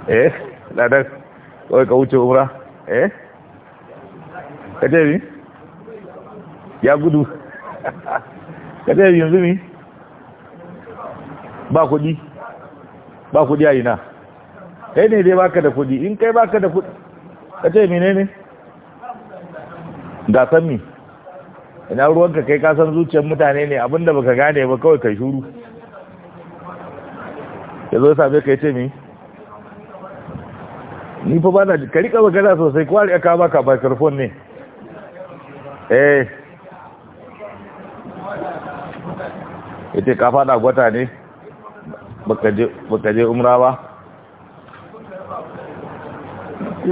eh ladar kawai ka wuce umra eh ka ce ya gudu ka ce yanzu mi ba kudi ba kudi a na kai ne dai baka da kudi in kai baka da kudi ka ce mene ne da san mi ina ruwanka kai ka san zuciyar mutane ne abinda baka gane ba kawai kai shuru ya zo sabe kai ce mi ni fa bana ka rika magana sosai kuwa ya ka baka microphone ne eh ita ka fada gwata ne baka je umra ba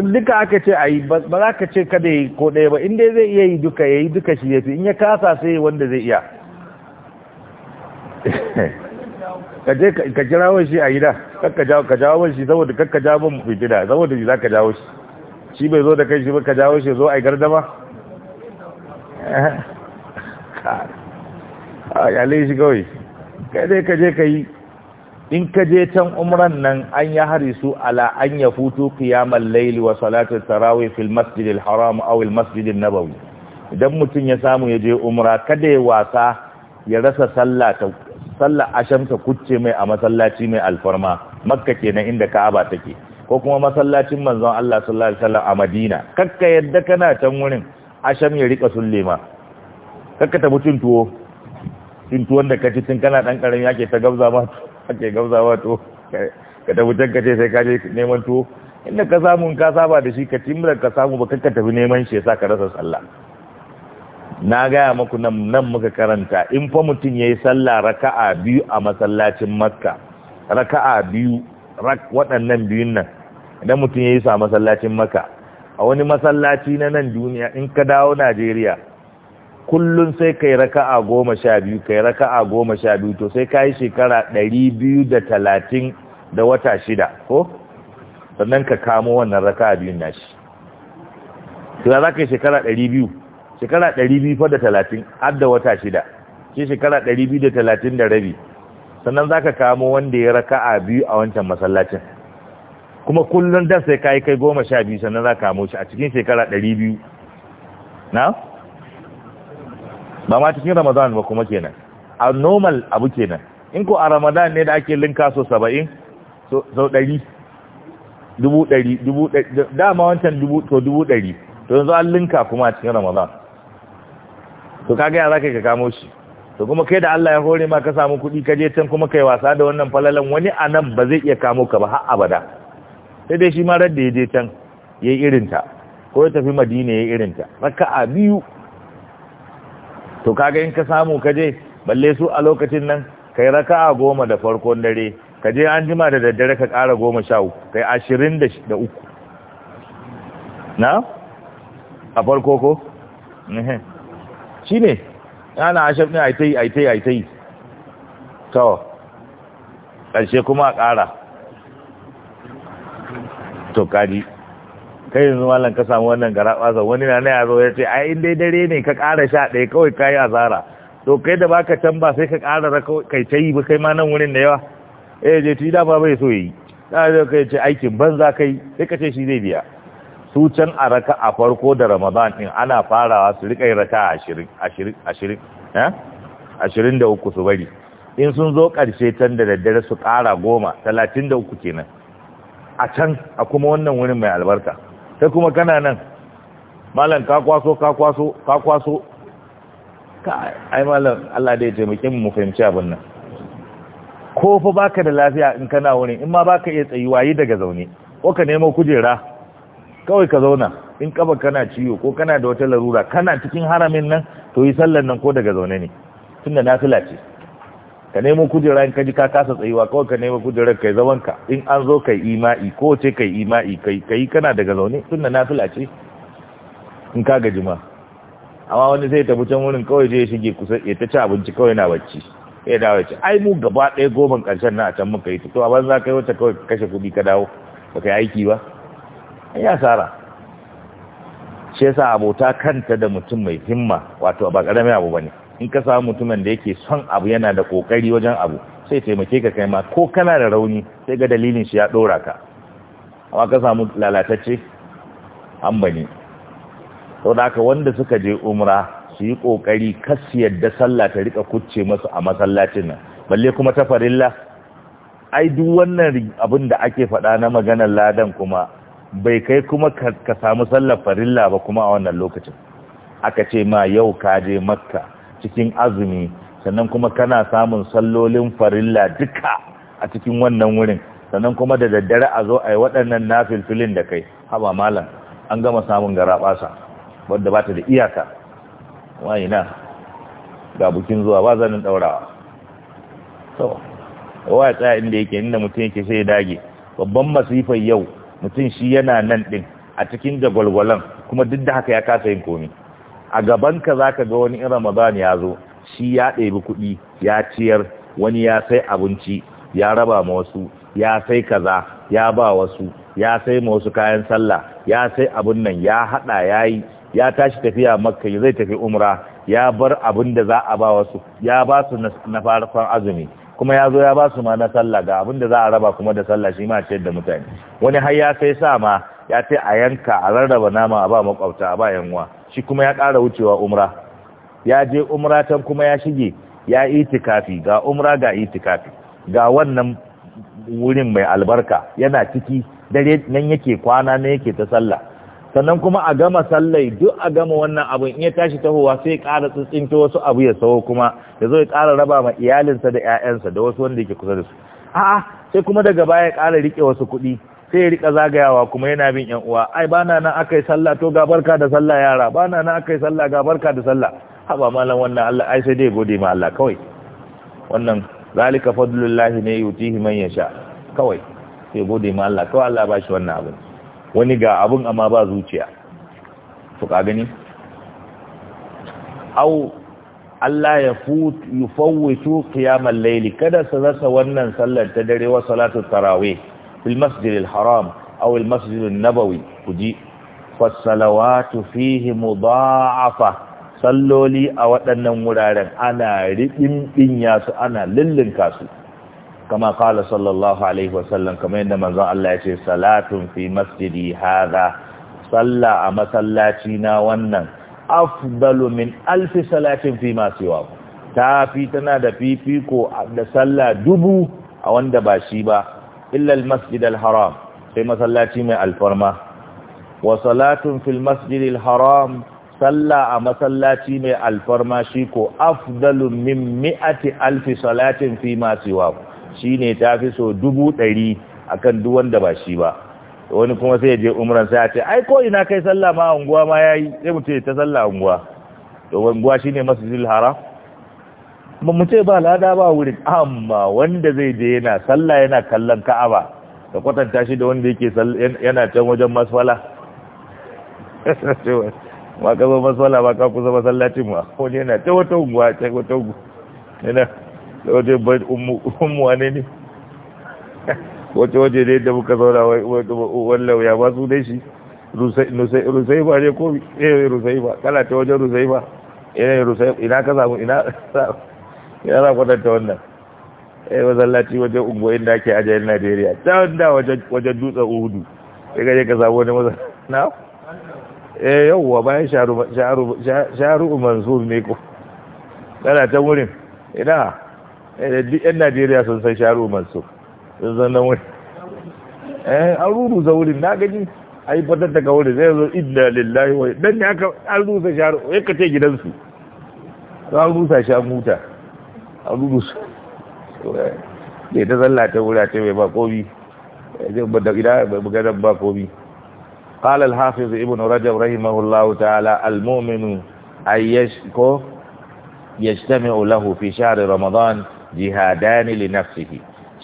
duka aka ce a yi ba za ka ce kada ya yi ko ɗaya ba inda zai iya yi duka ya yi duka shi ya fi in ya kasa sai wanda zai iya ka jira shi a gida ka jawo shi saboda kakka jawo mun fitina saboda za ka jawo shi shi bai zo da kai shi ba ka jawo shi zo a gardama a yale shi kawai kai dai ka je ka yi in ka je can umran nan an ya hari su ala an ya futu kiyamar laili wa salatu tarawih fil masjid al haram aw al masjid nabawi idan mutum ya samu ya je umra kada ya wasa ya rasa sallah ta sallah asham ta kucce mai a masallaci mai alfarma makka kenan inda ka'aba take ko kuma masallacin manzon Allah sallallahu alaihi wasallam a Madina kakka yadda kana can wurin asham ya rika sullema kakka ta mutun tuwo tuwon da kaci tun kana dan karamin yake ta gabza ma ake gauzawa to ka tafi can ce sai ka je neman tuwo inda ka samu ka saba da shi ka timlar ka samu ba ka tafi neman shi sa ka rasa sallah na gaya maku nan nan muka karanta in fa mutum yayi sallah raka'a biyu a masallacin makka raka'a biyu waɗannan biyun nan idan mutum yayi sa masallacin makka a wani masallaci na nan duniya in ka dawo najeriya kullun sai kai raka'a goma sha biyu kai raka'a goma sha biyu to sai kayi shekara ɗari biyu da talatin da wata shida ko sannan ka kamo wannan raka'a biyun nashi to ya za ka yi shekara ɗari biyu shekara ɗari biyu fa da talatin har da wata shida shi shekara ɗari biyu da talatin da rabi sannan za ka kamo wanda ya raka'a biyu a wancan masallacin kuma kullum dan sai kayi kai goma sha biyu sannan za ka kamo shi a cikin shekara ɗari biyu na ba ma cikin ramadan ba kuma kenan a normal abu kenan in ko a ramadan ne da ake linka so 70 sau ɗari dubu ɗari dubu ɗari dama wancan dubu to dubu ɗari to yanzu an linka kuma a cikin ramadan to kage ya zaka ka kamo shi to kuma kai da Allah ya hore ma ka samu kuɗi ka je can kuma kai wasa da wannan falalan wani a nan ba zai iya kamo ka ba har abada sai dai shi ma radda ya je can ya yi irinta ko ya tafi madina ya yi irinta raka'a biyu to kaga in ka samu ka je balle su a lokacin nan kai raka'a goma da farkon dare ka je an jima da daddare ka ƙara goma sha uku kai ashirin da uku na a farko ko shi ne ana ashir ɗin aitai aitai aitai to ƙarshe kuma a ƙara to kaji kai yanzu malam ka samu wannan garaba wani na ya zo ya ce ai in dai dare ne ka ƙara sha ɗaya kawai ka yi azara to kai da baka can ba sai ka ƙara kai ta yi ba kai ma nan wurin da yawa eh je ti dama bai so yi da zai kai ce aikin banza kai sai ka ce shi zai biya su can a raka a farko da ramadan din ana farawa su rika yin raka 20 eh? ashirin da uku su bari in sun zo ƙarshe can da daddare su ƙara goma talatin da uku kenan a can a kuma wannan wurin mai albarka Ta kuma kana nan malam ka kwaso ka kwaso ka kwaso ai malam Allah da ya taimake mu fahimci abin nan ko fa baka da lafiya in kana wurin in ma baka iya tsayi yi daga zaune ko ka nemo kujera kawai ka zauna in kaba kana ciwo ko kana da wata larura kana cikin haramin nan to yi sallan nan ko daga zaune ne tunda nafila ce ka nemo kujera in ka ji ka kasa tsayuwa kawai ka nemo kujerar kai zaman ka in an zo kai ima'i ko ce kai ima'i kai kai kana daga zaune sunna nafila ce in ka gaji ma amma wani sai tafi can wurin kawai je shige kusa ya ta ci abinci kawai na bacci ya dawo ya ce ai mu gaba ɗaya goma ƙarshen na a can muka yi to a banza kai wata kawai kashe kuɗi ka dawo ba ka aiki ba ya sara shi yasa abota kanta da mutum mai himma wato ba ƙaramin abu bane in ka samu mutumin da yake son abu yana da kokari wajen abu sai taimake ka kai ma ko kana da rauni sai ga dalilin shi ya dora ka amma ka samu lalatacce an bane da ka wanda suka je umra su yi kokari kas yadda sallah ta rika kucce masu a masallacin nan balle kuma ta farilla ai duk wannan abin da ake faɗa na maganar ladan kuma bai kai kuma ka samu sallar farilla ba kuma a wannan lokacin aka ce ma yau ka je makka cikin azumi sannan kuma kana samun sallolin farilla duka a cikin wannan wurin sannan kuma da daddare a zo a yi waɗannan nafilfilin da kai haba malam an gama samun garaɓasa wadda ba ta da iyaka wayina ga bukin zuwa ba zanen ɗaurawa so wa tsaya inda yake inda mutum yake sai dage babban masifar yau mutum shi yana nan ɗin a cikin jagwalgwalan kuma duk da haka ya kasa yin komi a gabanka za ka ga wani in ramadan ya zo shi ya ɗebi kuɗi ya ciyar wani ya sai abinci ya raba ma wasu ya sai kaza ya ba wasu ya sai ma wasu kayan sallah ya sai abin nan ya haɗa ya yi ya tashi tafiya makka zai tafi umra ya bar abin da za a ba wasu ya ba su na farkon azumi kuma ya zo ya ba su ma na sallah ga abin da za a raba kuma da sallah shi ma ciyar da mutane wani har ya sai sa ma ya ce a yanka a rarraba nama a ba makwabta a ba yanwa shi kuma ya ƙara wucewa umra ya je umra can kuma ya shige ya itikafi ga umra ga itikafi ga wannan wurin mai albarka yana ciki dare nan yake kwana na yake ta sallah sannan kuma a gama sallai duk a gama wannan abin in ya tashi tahowa sai ƙara tsintsinto wasu abu ya sawo kuma ya zo ya ƙara raba ma iyalinsa da 'ya'yansa da wasu wanda yake kusa da su a'a sai kuma daga baya ya ƙara riƙe wasu kuɗi sai ya rika zagayawa kuma yana bin yan uwa ai bana nan akai sallah to ga barka da sallah yara bana nan akai sallah ga barka da sallah haba malam wannan Allah ai sai dai gode ma Allah kawai wannan zalika fadlullahi ne yutihi man yasha kawai sai gode ma Allah kawai Allah bashi wannan abin wani ga abun amma ba zuciya to ka gani au Allah ya fut yufawwitu qiyamal layli kada sa rasa wannan sallar ta dare wa salatu tarawih fil masjidil haram aw al masjidin nabawi kuji fasalawatu fihi mudha'afa salloli a waɗannan wuraren ana riɗin ɗinya su ana lullunka su kama kala sallallahu alaihi wasallam kamar yadda manzon Allah ya ce salatun fi masjidi hadha salla a masallaci na wannan afdalu min alfi salatin fi ma siwa ta fi tana da fifiko da salla dubu a wanda ba shi ba Illal masjidal haram sai masallaci mai alfarma wa salatun fil masjidil haram salla a masallaci mai alfarma shi ko afdalu min mi'ati alfi salatin fi ma siwa shine tafi so dubu ɗari akan duk wanda ba shi ba wani kuma sai ya je umran sai ya ce ai ko ina kai sallah ma unguwa ma yayi sai mutum ta sallah unguwa to unguwa shine masjidil haram ba mu ce ba lada ba wurin amma wanda zai je yana sallah yana kallon ka'aba ka kwatanta shi da wanda yake yana can wajen masfala ma ka zo masfala ba ka kusa masallacin ba. wani yana ta wata unguwa ta wata unguwa yana ta ba umuwa ne ne wace waje ne da muka zauna wallau ya ba su dai shi rusai ba ne ko eh rusai ba kala ta wajen rusai ba ina rusai ina ka samu ina ya za kwatanta wannan ya eh, yi masallaci wajen ungo inda ake ajiyar najeriya ta wanda wajen dutsen uhudu ya gaje ka samu wani masa na eh yauwa bayan sharu mansur ne ko tana ta wurin ina eh, duk yan najeriya sun san sharu mansur sun san nan wurin eh an ruruza wurin na gani ai fatar daga wurin zai zo inna lillahi wa dan ne aka an rusa sharu ya kace gidansu an rusa sha muta a rubus bai eh, ta zallata wurata bai ba komi da gida bai bugadar ba komi قال الحافظ ابن رجب رحمه الله تعالى المؤمن أن يشكو يجتمع له في شهر رمضان جهادان لنفسه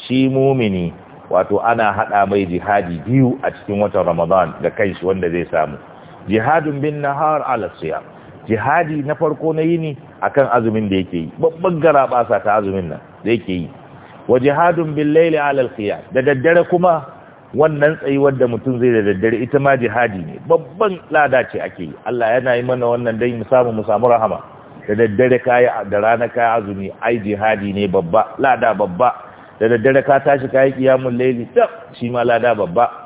شي مؤمني wato ana hada mai jihadi biyu a cikin watan Ramadan da kanshi wanda zai samu jihadun binna nahar ala jihadi na farko na yini akan azumin da yake yi babban gara basa ta azumin nan da yake yi wa jihadun bin laili alal da daddare kuma wannan tsayuwar da mutum zai da daddare ita ma jihadi ne babban lada ce ake yi Allah yana yi mana wannan dai mu samu mu samu rahama da daddare kai da rana kai azumi ai jihadi ne babba lada babba da daddare ka tashi ka yi kiyamul laili tab shi ma lada babba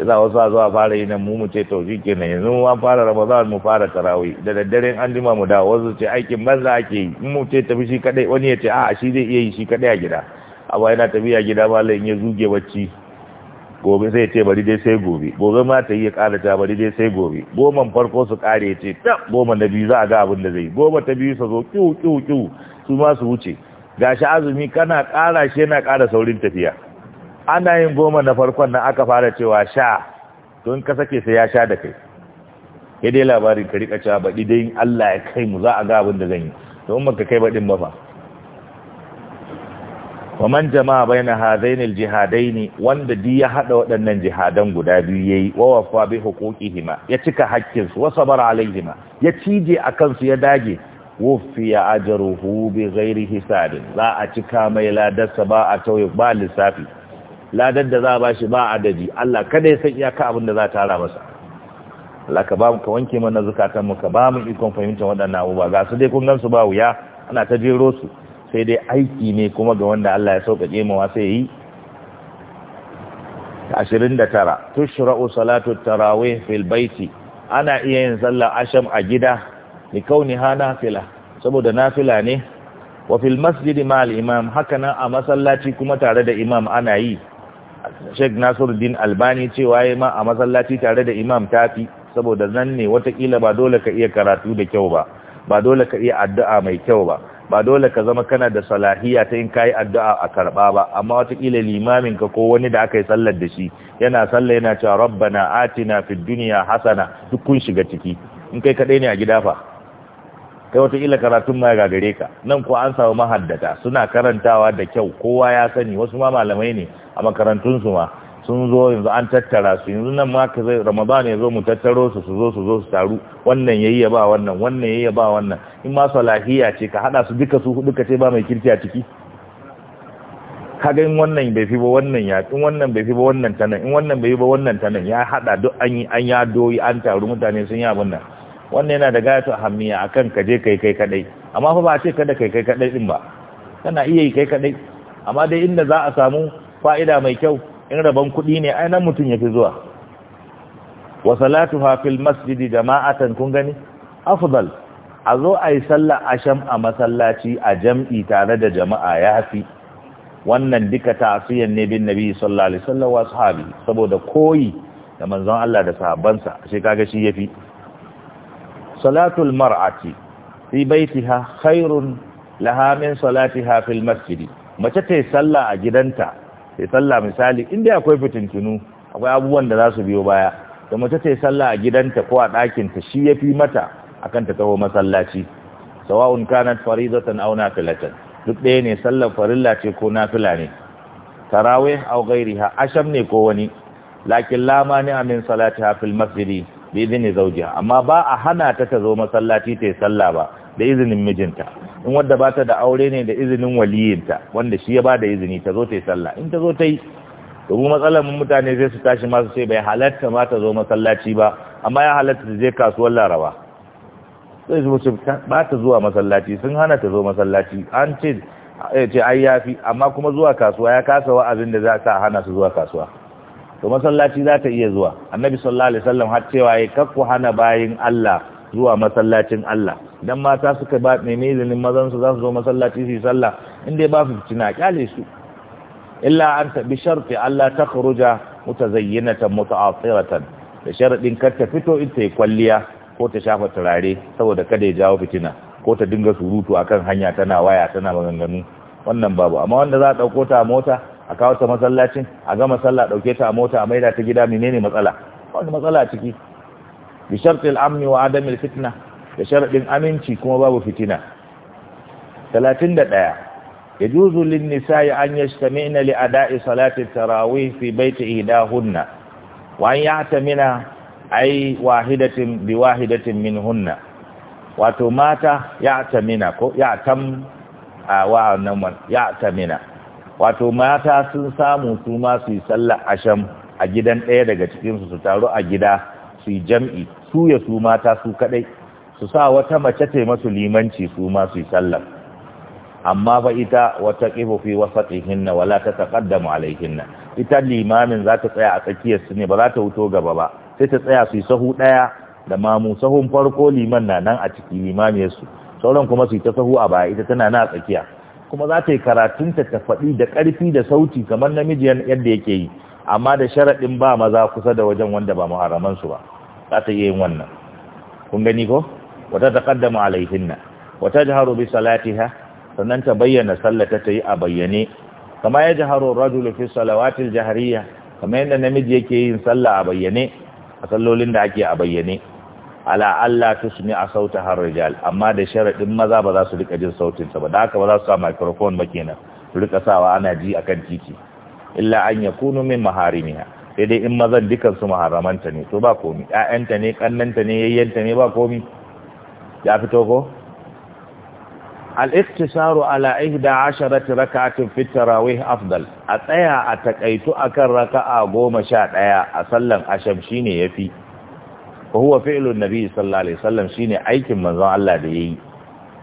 yasa wasu zuwa fara yi nan mu mu ce to shi kenan yanzu mu an fara ramadan mu fara tarawih da daddare an jima mu da wasu ce aikin banza ake yi mu ce tafi shi kadai wani ya ce a shi zai iya yi shi kadai a gida amma yana tafiya gida ma lai ya zuge bacci gobe zai ce bari dai sai gobe gobe ma ta yi kara ta bari dai sai gobe goman farko su kare ce ta goma na biyu za a ga abin da zai goma ta biyu sa zo kiwu kiwu kiwu su ma su wuce gashi azumi kana kara shi yana kara saurin tafiya ana yin goma na farkon nan aka fara cewa sha don ka sake sai ya sha da kai ya dai labarin ka rika cewa baɗi dai Allah ya kai mu za a ga abin da zan yi to in kai baɗin ba fa wa man jama'a baina hadainil jihadaini wanda di ya hada waɗannan jihadan guda biyu yayi wa wafa bi huquqihima ya cika hakkin su wa sabara alaihima ya cije akan su ya dage wufiya ajruhu bi ghairi hisabin za a cika mai ladarsa ba a tauye ba lissafi ladar da za a bashi ba adadi Allah kada ya san iyaka abin da za tara masa Allah ka ba mu ka wanke mana zukatan mu ka ba mu ikon fahimtar waɗannan abubuwa ga su dai kun su ba wuya ana ta jero su sai dai aiki ne kuma ga wanda Allah ya sauƙaƙe mu sai yi 29 tushra'u salatu tarawih fil baiti ana iya yin sallar asham a gida ni kauni ha nafila saboda nafila ne wa fil masjid ma al imam haka nan a masallaci kuma tare da imam ana yi Sheikh Nasiruddin Albani cewa yayi ma a masallaci tare da imam tafi saboda nan ne watakila ba dole ka iya karatu da kyau ba ba dole ka iya addu'a mai kyau ba ba dole ka zama kana da salahiya ta in kai addu'a a karba ba amma watakila limamin ka ko wani da aka yi sallar da shi yana sallah yana cewa rabbana atina fid dunya hasana duk kun shiga ciki in kai kadai ne a gida fa kai wata ila karatun ma ya gare ka nan ko an samu mahaddata suna karantawa da kyau kowa ya sani wasu ma malamai ne a makarantun su ma sun zo yanzu an tattara su yanzu nan ma ka zai ramadan ya zo mu tattaro su su zo su zo su taru wannan yayi ya ba wannan wannan yayi ya ba wannan in ma salahiya ce ka hada su duka su hudu ka ce ba mai kirki a ciki kaga in wannan bai fi ba wannan ya in wannan bai fi ba wannan tanan in wannan bai yi ba wannan tanan ya hada duk an yi an ya doyi an taru mutane sun yi abin nan wannan yana da gayatu hamiya a kan kaje kai kai kadai amma fa ba a ce kada kai kai kadai din ba kana iya yi kai kadai amma dai inda za a samu fa'ida mai kyau in rabon kuɗi ne ai nan mutum yafi zuwa wa ha fil masjid jama'atan kun gani afdal a zo a yi sallah asham a masallaci a jam'i tare da jama'a ya fi wannan duka tasiyan ne bin nabi sallallahu alaihi wasallam wa sahabi saboda koyi da manzon Allah da sahabbansa sai kaga shi yafi salatul mar'ati fi baitiha khairun laha min salatiha fil masjid mace ta salla a gidanta ta salla misali inda akwai fitintunu akwai abubuwan da za su biyo baya da mace ta salla a gidanta ko a ɗakin ta shi yafi mata akan ta taho masallaci sawa'un kanat faridatan aw nafilatan duk ɗaya ne sallar farilla ce ko nafila ne tarawih aw ghairiha asham ne ko wani lakin lama ne amin salatiha fil masjidi bi izini zaujiya amma ba a hana ta ta zo masallaci ta yi sallah ba da izinin mijinta in wadda ba ta da aure ne da izinin waliyinta wanda shi ya ba da izini ta zo ta yi in ta zo ta yi domin matsalar mutane zai su tashi masu sai bai halatta ma ta zo masallaci ba amma ya halatta ta je kasuwar laraba sai su ce ba ta zuwa masallaci sun hana ta zo masallaci an ce eh, ce ai yafi amma kuma zuwa kasuwa ya kasa wa'azin da za ta hana su zuwa kasuwa to masallaci za ta iya zuwa annabi sallallahu alaihi wasallam har cewa ya kakku hana bayin Allah zuwa masallacin Allah dan mata suka ba nemi izinin mazan su za su zo masallaci su yi sallah in dai ba fitina kyale su illa an tabi sharti Allah ta kharuja mutazayyinatan muta'athiratan da sharadin kar ta fito in ta yi kwalliya ko ta shafa turare saboda kada ya jawo fitina ko ta dinga surutu akan hanya tana waya tana maganganu wannan babu amma wanda za a dauko ta mota a kawo ta masallacin a gama sallah dauke ta a mota a maida ta gida menene matsala wani matsala a ciki bi shartil amni wa adamil fitna da sharadin aminci kuma babu fitina 31 yajuzu lin nisa'i an yastami'na li ada'i salati tarawih fi baiti ihdahunna wa an ya'tamina ay wahidatin bi wahidatin minhunna wato mata ya'tamina ko ya'tam a wa'annan ya'tamina wato mata sun samu su ma su yi sallar asham a gidan ɗaya daga cikinsu su taru a gida su yi jam'i su ya su mata su kaɗai su sa wata mace ta masu limanci su ma su yi sallar amma ba ita wata ƙifu fi wasaƙihinna wala ta taƙaddamu alaihinna ita limamin za ta tsaya a tsakiyar su ne ba za ta wuto gaba ba sai ta tsaya su yi sahu ɗaya da mamu sahun farko liman na nan a ciki limamiyarsu sauran kuma su yi ta sahu a baya ita tana na tsakiya kuma za ta yi karatunta ta faɗi da ƙarfi da sauti kamar namiji yadda yake yi amma da sharaɗin ba maza kusa da wajen wanda ba muharamansu ba za ta iya yin wannan kun gani ko wata ta kaddama alaihinna wata jaharu bi salatiha sannan ta bayyana sallata ta yi a bayyane kama ya jaharu rajulu fi salawatil jahariya kamar yadda namiji yake yin sallah a bayyane a sallolin da ake a bayyane ala Allah tusmi a sauta har rijal amma da sharadin maza ba za su rika jin sautin ta ba da haka ba za su sa microphone ba kenan su rika sawa ana ji akan titi illa an yakunu min maharimiha sai dai in mazan dukan su maharamanta ne to ba komi ƴaƴanta ne kannanta ne yayyanta ne ba komi ya fito ko al-iktisaru ala asharati rak'atin fi tarawih afdal a tsaya a takaitu akan raka'a 11 a sallan asham shine yafi fa huwa nabi sallallahu alaihi wasallam shine aikin manzon Allah da ya yi.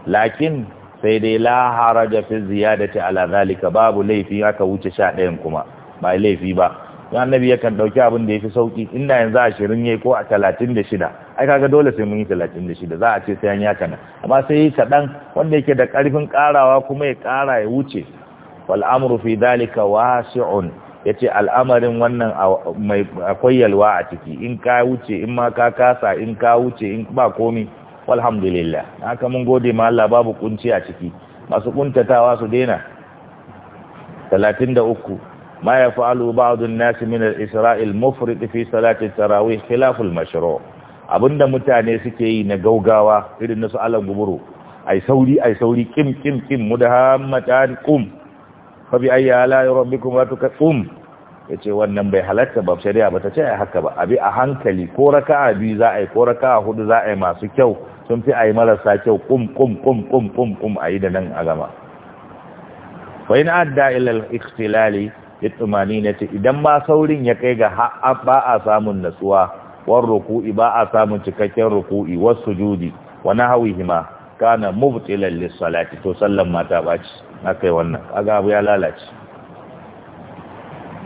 lakin sai dai la haraja fi ziyadati ala zalika babu laifi aka wuce ɗayan kuma ba laifi ba dan annabi yakan ɗauki abin da ya fi sauki inda yanzu 20 yayi ko a 36 ai kaga dole sai mun yi shida. za a ce sai an yi haka amma sai yi kadan wanda yake da karfin karawa kuma ya kara ya wuce wal amru fi zalika wasi'un ya ce al'amarin wannan akwai yalwa a ciki in ka wuce in ma ka kasa in ka wuce in ba komi walhamdulillah haka mun gode ma Allah babu kunci a ciki masu kuntatawa su daina 33 ma ya fa'alu ba'dun nasi min al-isra'il mufrid fi salati tarawih khilaful mashru' abinda mutane suke yi na gaugawa irin nasu alan guburu ai sauri ai sauri kim kim kim mudahammatan qum fa bi ala rabbikum wa tukum yace wannan bai halarta ba shari'a ba ta ce ai haka ba abi a hankali ko raka'a biyu za a yi ko raka'a hudu za a masu kyau sun fi ayi marasa kyau kum kum kum kum kum kum a da nan a gama fa in adda ila al-ikhtilali litumaninati idan ma saurin ya kai ga ba a samun natsuwa war ruku'i ba a samun cikakken ruku'i was sujudi wa nahwihima kana mubtilan lis-salati to sallan mata baci aka yi wannan aga abu ya lalace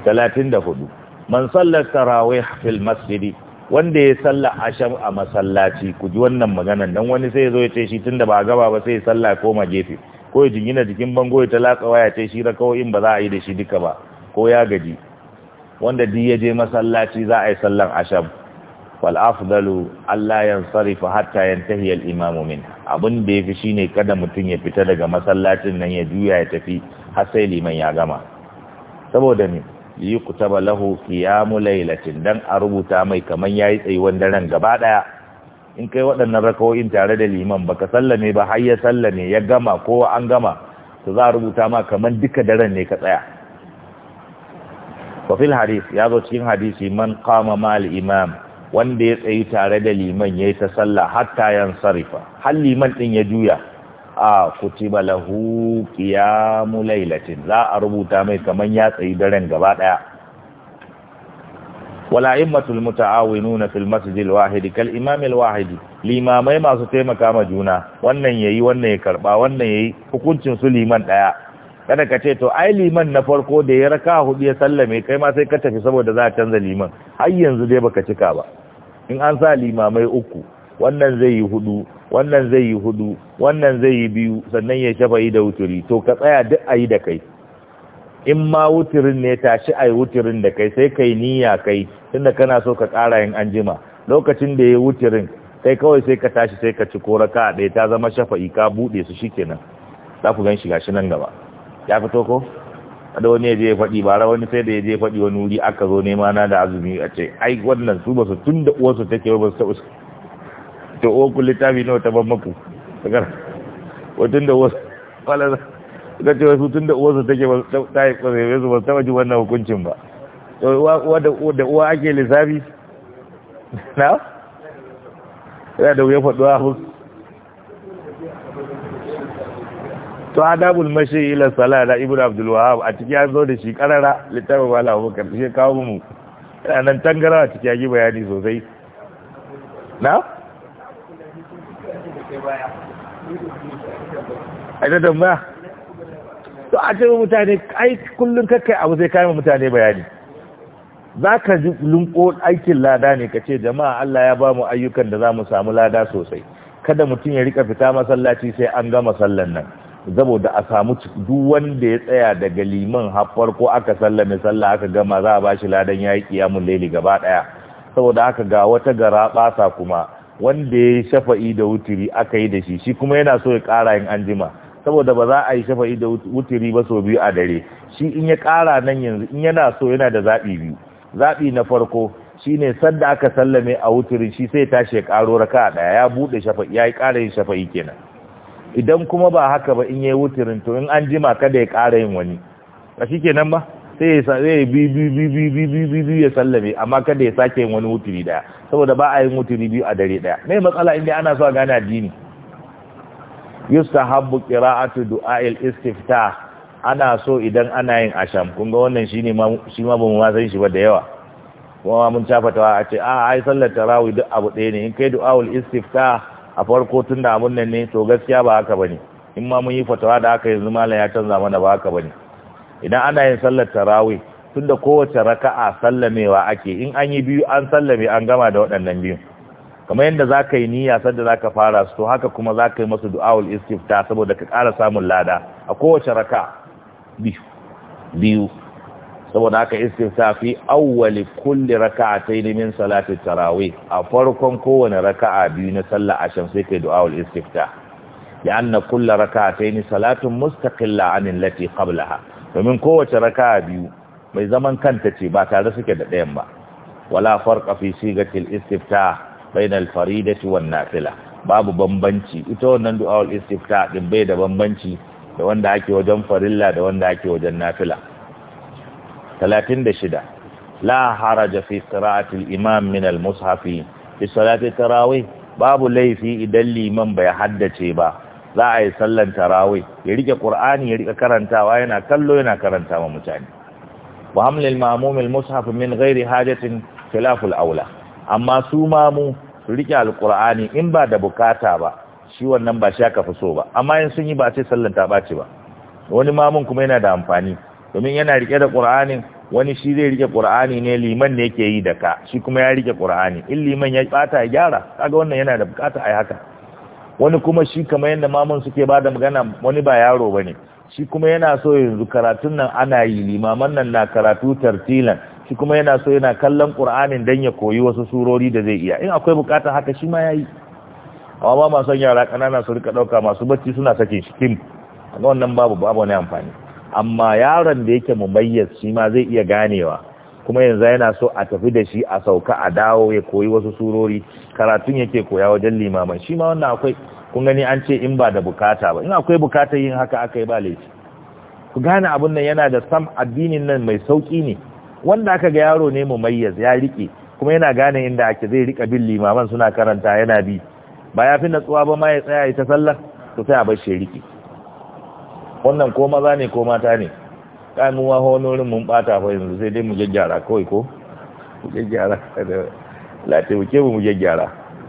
talatin da hudu man sallar tarawai fil masjidi wanda ya salla ashar a masallaci ku ji wannan maganar dan wani sai ya zo ya ce shi tunda ba gaba ba sai ya salla ma gefe ko ya jingina jikin bango ya talaka waya ce shi rakawoyin ba za a yi da shi duka ba ko ya gaji wanda duk ya je masallaci za a yi sallar ashar wal afdalu Allah yansarifa hatta yantahi al imamu minha abin da ya fi shi ne kada mutum ya fita daga masallacin nan ya juya ya tafi har sai liman ya gama saboda ne yi ku taba lahu kiyamu lailatin dan a rubuta mai kaman yayi tsayuwan daren gaba daya in kai waɗannan rakawoyin tare da liman baka sallame ba har ya sallame ya gama ko an gama to za a rubuta ma kaman duka daren ne ka tsaya wa fil hadith ya zo cikin hadisi man qama mal imam wanda ya tsayi tare da liman ya yi ta sallah hatta 'yan sarifa, har liman ɗin ya juya a kutiba lahu qiyamu lailatin za a rubuta mai kaman ya tsayi daren gaba ɗaya. wala immatul muta'awinuna fil masjidil wahidi kal imamil wahidi limamai masu taimaka ma juna wannan yayi wannan ya karba wannan yayi hukuncin su liman ɗaya. kada ka ce to ai liman na farko da ya raka hudu ya sallame kai ma sai ka tafi saboda za a canza liman har yanzu dai baka cika ba in an sa limamai uku wannan zai yi hudu wannan zai yi hudu wannan zai yi biyu sannan ya shafa yi da wuturi to ka tsaya duk a da kai in ma wuturin ne tashi a yi wuturin da kai sai kai niyya kai tunda kana so ka ƙara yin anjima lokacin da ya yi wuturin sai kawai sai ka tashi sai ka ci koraka a ɗaya ta zama shafa'i ka buɗe su shikenan za ku gan shi gashi nan gaba ya fito ko da wani ya je faɗi ra wani sai da ya je faɗi wani wuri aka zo nema na da azumi a ce ai wannan su basu tun da uwarsu take ba su taɓa to o ku littafi nawa ta ban maku sakar tun da uwarsu falala ga ce wasu tun da uwarsu take ba su taɓa ji wannan hukuncin ba to uwa da uwa ake lissafi na? yana da wuya faɗuwa hukuncin to adabul mashi ila salat da ibnu abdul wahab a cikin an zo da shi karara littafin wala kan shi kawo mu nan tangara a cikin yi bayani sosai na a da tambaya to a cikin mutane ai kullun kakkai abu sai kai mutane bayani za ka ji lunko aikin lada ne ka ce jama'a Allah ya ba mu ayyukan da za mu samu lada sosai kada mutum ya rika fita masallaci sai an gama sallan nan saboda a samu duk wanda ya tsaya daga liman har farko aka sallame sallah aka gama za a bashi ladan yayi kiyamul laili gaba daya saboda aka ga wata gara basa kuma wanda ya shafa'i da wutiri aka yi da shi shi kuma yana so ya kara yin anjima saboda ba za a yi shafa'i da wutiri ba so biyu a dare shi in ya kara nan yanzu in yana so yana da zabi biyu zabi na farko shine sanda aka sallame a wuturi shi sai tashi ya karo raka daya ya bude shafa'i ya yi kara yin shafa'i kenan idan kuma ba haka ba in yayi wuturin to in an jima kada ya ƙara yin wani ba nan ba sai ya sai bi bi bi bi bi bi bi bi ya sallame amma kada ya sake yin wani wuturi daya saboda ba a yin wuturi biyu a dare daya mai matsala inda ana so a gane addini yustahabbu qira'atu du'a'il istiftah ana so idan ana yin asham kun ga wannan shine ma shi ma mu ma san shi ba da yawa kuma mun tafatawa a ce a ai sallar tarawih duk abu ɗaya ne in kai du'a'ul istiftah a farko tun da abun nan ne to gaskiya ba haka bane in ma mun yi fatawa da haka yanzu malam ya canza mana ba haka bane idan ana yin sallar tarawih tunda kowace raka'a sallamewa ake in an yi biyu an sallame an gama da waɗannan biyu kamar yadda za ka yi niyya sadda za ka fara su to haka kuma za ka yi masu du'awul istifta saboda ka ƙara samun lada a kowace raka biyu biyu saboda haka istiftafi fi awwali kulli raka'atayn min salati tarawih a farkon kowane raka'a biyu na sallar asham sai kai du'a ul istifta anna kulli raka'atayn salatun mustaqilla an allati qablaha domin kowace raka'a biyu mai zaman kanta ce ba tare suke da ɗayan ba wala farqa fi sigati al istifta al faridati wan nafila babu bambanci ita wannan du'a ul istifta din bai da bambanci da wanda ake wajen farilla da wanda ake wajen nafila 36 la haraja fi qira'atil imam min al-mushafi fi salati tarawih babu laifi idan liman bai haddace ba za a yi sallan tarawih ya rike qur'ani ya rike karantawa yana kallo yana karanta wa mutane wa hamlil ma'mum al-mushaf min ghairi hajatin al aula amma su mamu su rike al-qur'ani in ba da bukata ba shi wannan ba shi aka fi so ba amma in sun yi ba ce sallan ta ce ba wani mamun kuma yana da amfani domin yana rike da qur'anin wani shi zai rike qur'ani ne liman ne yake yi da ka shi kuma ya rike qur'ani in liman ya bata ya gyara kaga wannan yana da bukata ai haka wani kuma shi kamar yanda mamun suke bada da magana wani ba yaro bane shi kuma yana so yanzu karatun nan ana yi limaman nan na karatu tartilan shi kuma yana so yana kallon qur'anin dan ya koyi wasu surori da zai iya in akwai bukata haka shi ma yayi amma ba ma yara kanana su rika dauka masu bacci suna sakin shi tim wannan babu babu wani amfani amma yaron da yake mumayyaz shi ma zai iya ganewa kuma yanzu yana so a tafi da shi a sauka a dawo ya koyi wasu surori karatun yake koya wajen limaman shi ma wannan akwai kun gani an ce in ba da bukata ba in akwai bukatar yin haka aka yi ba laifi ku gane abin nan yana da sam addinin nan mai sauki ne wanda aka ga yaro ne mumayyaz ya rike kuma yana gane inda ake zai rika bin limaman suna karanta yana bi ba ya fi natsuwa ba ma ya tsaya ya ta sallar to sai a bar shi rike wannan ko maza ne ko mata ne kanuwa honorin mun bata fa yanzu sai dai mu gyaggyara kawai ko mu gyaggyara la ta wuce mu gyaggyara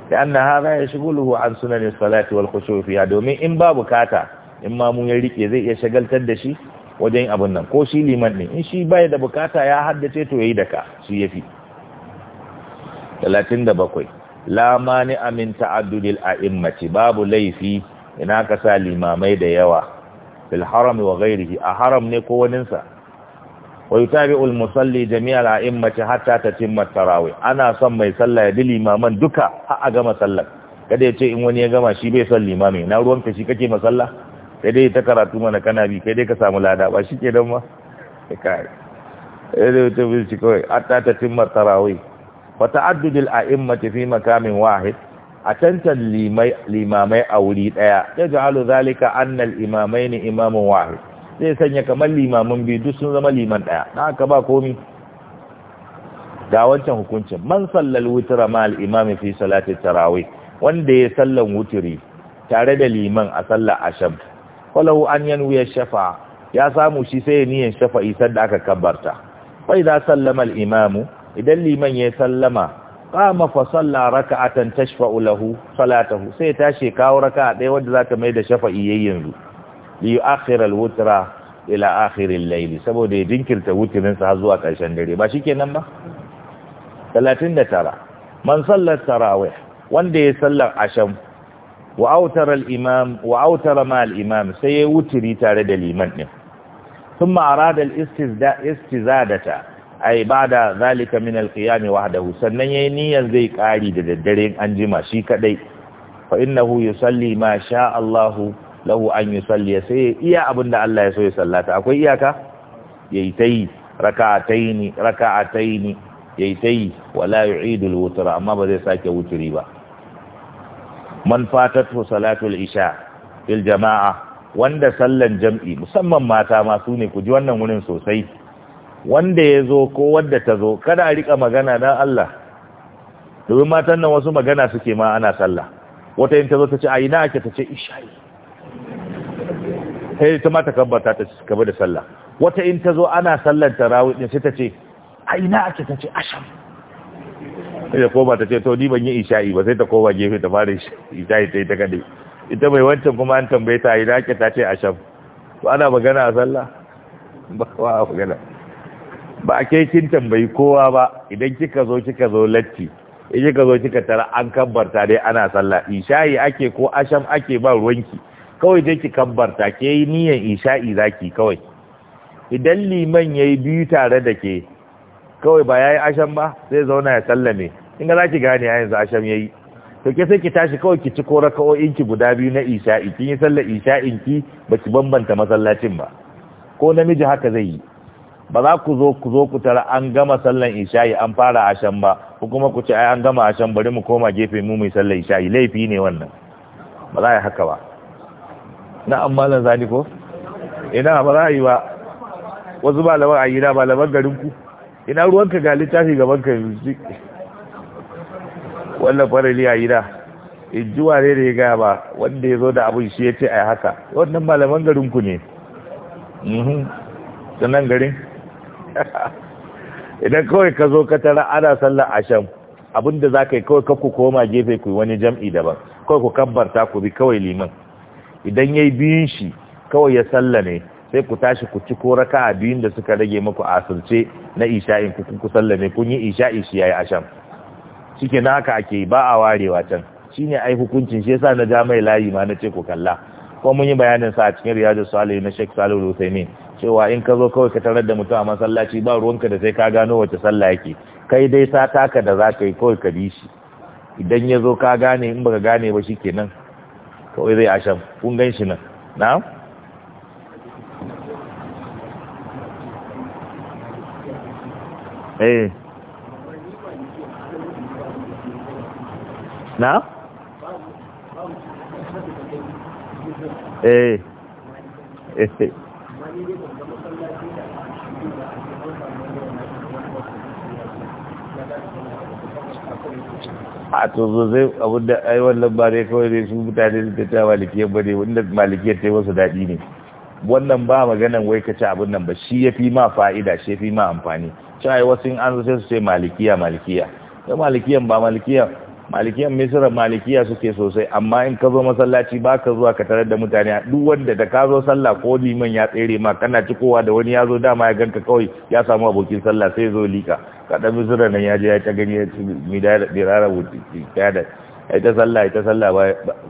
da anna ya yashghuluhu an sunan salati wal khushu' fiha domin in ba bukata in ma mun ya rike zai iya shagaltar da shi wajen abin nan ko shi liman ne in shi bai da bukata ya haddace to yayi daka shi yafi 37 la mani amin ta'addudil a'immati babu laifi ina ka sa limamai da yawa fil haram wa ghairihi a haram ne ko waninsa wa yutabi'u musalli jami'a al a'immati hatta tatimma tarawih ana son mai sallah ya bi limaman duka har a gama sallar kada ya ce in wani ya gama shi bai son imami na ruwan ka shi kake masalla sai dai ta karatu mana kana bi kai dai ka samu lada ba shi ke dan ma kai sai dai ta shi kawai hatta tatimma tarawih wa ta'addud a'immati fi makamin wahid a tantan limamai a wuri ɗaya ya ji halu zalika annal imamai ne imamun wahid zai sanya kamar limamun biyu duk sun zama liman ɗaya na haka ba komi ga wancan hukuncin man sallal wutura ma al'imami fi salati tarawih wanda ya sallar wuturi tare da liman a sallar asham falahu an wuya shafa ya samu shi sai niyan isar da aka kabbarta fa idza sallama al-imamu idan liman ya sallama qama fa salla raka'atan tashfa'u lahu salatahu sai tashi kawo raka'a dai wanda zaka mai da shafa'i yayin yanzu li akhir al-wutra ila akhir al-layl saboda ya jinkirta sa zuwa ƙarshen dare ba shikenan ba 39 man salla tarawih wanda ya salla asham wa autara al-imam wa autara ma al-imam sai ya wutri tare da liman din thumma arada al-istizada istizadata ai ba da zalika min alqiyami wahdahu sannan yayi niyyar zai kari da daddare an jima shi kaɗai. fa innahu yusalli ma sha Allahu lahu an yusalli sai iya abinda Allah ya so ya sallata akwai iyaka yayi tayi raka'ataini raka'ataini yayi tayi wala yu'idul wutra amma ba zai sake wuturi ba man fatatu salatul isha il jama'a wanda sallan jam'i musamman mata ma su ne ku ji wannan wurin sosai wanda ya zo ko wadda ta zo kada a rika magana dan Allah domin matan nan wasu magana suke ma ana sallah wata yin ta zo ta ce a ina ake ta ce isha'i yi ta mata takabbata ta gaba da sallah wata yin ta zo ana sallar rawu ɗin sai ta ce a ina ake ta ce asham sai ta koma ta ce to ni ban yi isha'i ba sai ta koma gefe ta fara isha'i ta yi ta ita mai wancan kuma an tambaye ta a ina ake ta ce asham Ba ana magana a sallah ba wa magana ba a ke kin tambayi kowa ba idan kika zo kika zo latti in kika zo kika tara an kabbarta dai ana sallah isha'i ake ko asham ake ba ruwanki kawai dai ki kabbarta ke yi niyan isha'i zaki kawai idan liman yayi biyu tare da ke kawai ba yayi asham ba zai zauna ya sallame in ga zaki gane yanzu asham yayi to ke sai ki tashi kawai ki ci ko raka'o'in ki guda biyu na isha'i kin yi sallar isha'in ki baki bambanta masallacin ba ko namiji haka zai yi ba za ku zo ku zo ku tara an gama sallan isha'i an fara ashan ba ko kuma ku ce ai an gama ashan bari mu koma gefe mu mai sallan isha'i laifi ne wannan ba za a yi haka ba na an lan zani ko ina ba za a yi ba wasu malaman a gida malaman garin ku ina ruwanka ga littafi gaban ka yanzu wannan farali a gida in ji ware da ya gaya ba wanda ya zo da abin shi ya ce a haka wannan malaman mhm. garin ku ne sannan garin idan kawai ka zo ka tara ana sallar asham abinda za ka yi kawai ku koma gefe ku wani jam'i daban kawai ku kabbarta ku bi kawai liman idan ya yi biyun shi kawai ya sallame sai ku tashi ku ci ko raka a biyun da suka rage maku asirce na isha'in ku ku sallame kun yi isha'i shi ya yi asham shike na haka ake ba a warewa can shine ai hukuncin shi yasa na ja mai layi ma na ce ku kalla ko mun yi bayanin sa a cikin riyadu salihu na Sheikh Salihu Uthaymeen cewa in ka zo kawai ka tarar da mutum a masallaci ba ruwanka da sai ka gano wace sallah yake kai dai sata ka da za ka yi kawai ka bi idan ya zo ka gane in baka gane ba shi ke nan, kawai zai asham kun gan shi nan na eh na eh eh a tozo, zai abu da ai wannan ba kawai dai su mutane da ta malikiyar ba ne wanda maliki ta yi wasu daɗi ne wannan ba maganan wai ka ci abin nan ba shi ya fi ma fa'ida shi ya fi ma amfani cewa yi wasu in an zo sai su ce malikiya malikiya da malikiyan ba malikiyan malikiyan misira malikiya suke sosai amma in ka zo masallaci ba ka zuwa ka tarar da mutane duk wanda da ka zo sallah ko liman ya tsere ma kana cikowa da wani ya zo dama ya ganka kawai ya samu abokin sallah sai zo lika kaɗan misira nan ya je ya ta gani ya ci mirara da ita sallah ita sallah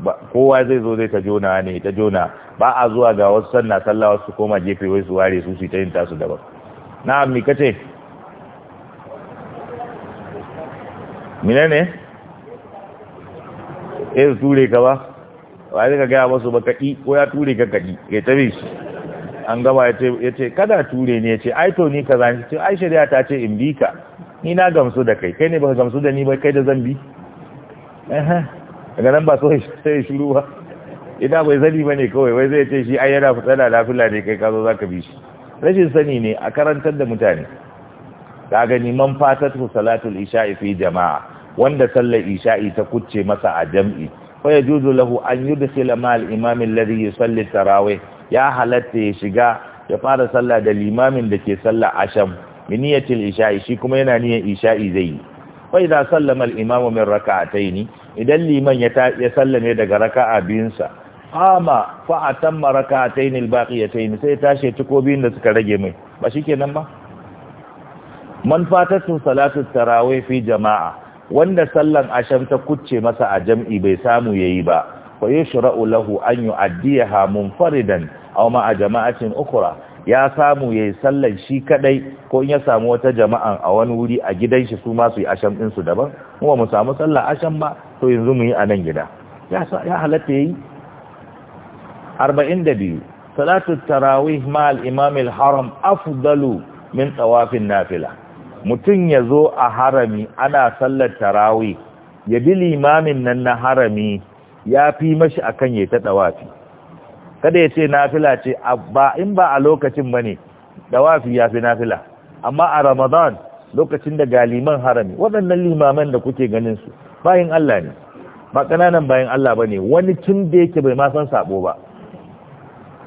ba kowa zai zo zai ta jona ne ta jona ba a zuwa ga wasu sanna sallah wasu koma gefe wai su ware su su ta yin tasu daban na'am mi kace menene ne eh ture ka ba ba zai ka gaya masu ba kaɗi ko ya ture ka kaɗi ya tabi shi an gaba ya ce kada ture ne ya ce ai to ni ka zan ce ai shari'a ta ce in bi ka ni na gamsu da kai kai ne ba gamsu da ni ba kai da zan bi daga nan ba so sai shiru ba ina bai zani ba ne kawai wai zai ce shi ai yana fitsara lafila ne kai ka zo za ka bi shi rashin sani ne a karantar da mutane Ka gani man fatat salatul isha'i fi jama'a wanda sallar isha'i ta kucce masa a jam'i fa yajuzu lahu an yudkhila ma al-imam alladhi yusalli tarawih ya halatta ya shiga ya fara sallah da limamin da ke salla asham bi niyyatil isha'i shi kuma yana niyyar isha'i zai yi fa idza sallama al-imam min raka'ataini idan liman ya ya sallame daga raka'a biyunsa qama fa atamma raka'ataini al-baqiyataini sai tashi tuko biyun da suka rage mai ba shikenan ba man fatatu salatu tarawih fi jama'a wanda sallan asham ta kucce masa a jam'i bai samu yayi ba fa yushra'u lahu an yu'addiyaha munfaridan aw ma'a jama'atin ukhra ya samu yayi sallan shi kadai ko in ya samu wata jama'an a wani wuri a gidan shi su ma su yi ashan din su daban kuma mu samu sallar ashan ba to yanzu mu yi a nan gida ya ya halatta yayi 42 salatu tarawih ma'al imamil haram afdalu min tsawafin nafila mutum ya zo a harami ana sallar tarawi ya bi limamin nan na harami ya fi mashi akan ya ta dawafi kada ya ce nafila ce ba in ba a lokacin bane dawafi ya fi nafila amma a ramadan lokacin da galiman harami waɗannan limaman da kuke ganin su bayin Allah ne ba ƙananan bayan Allah ba wani tun da yake bai ma san sabo ba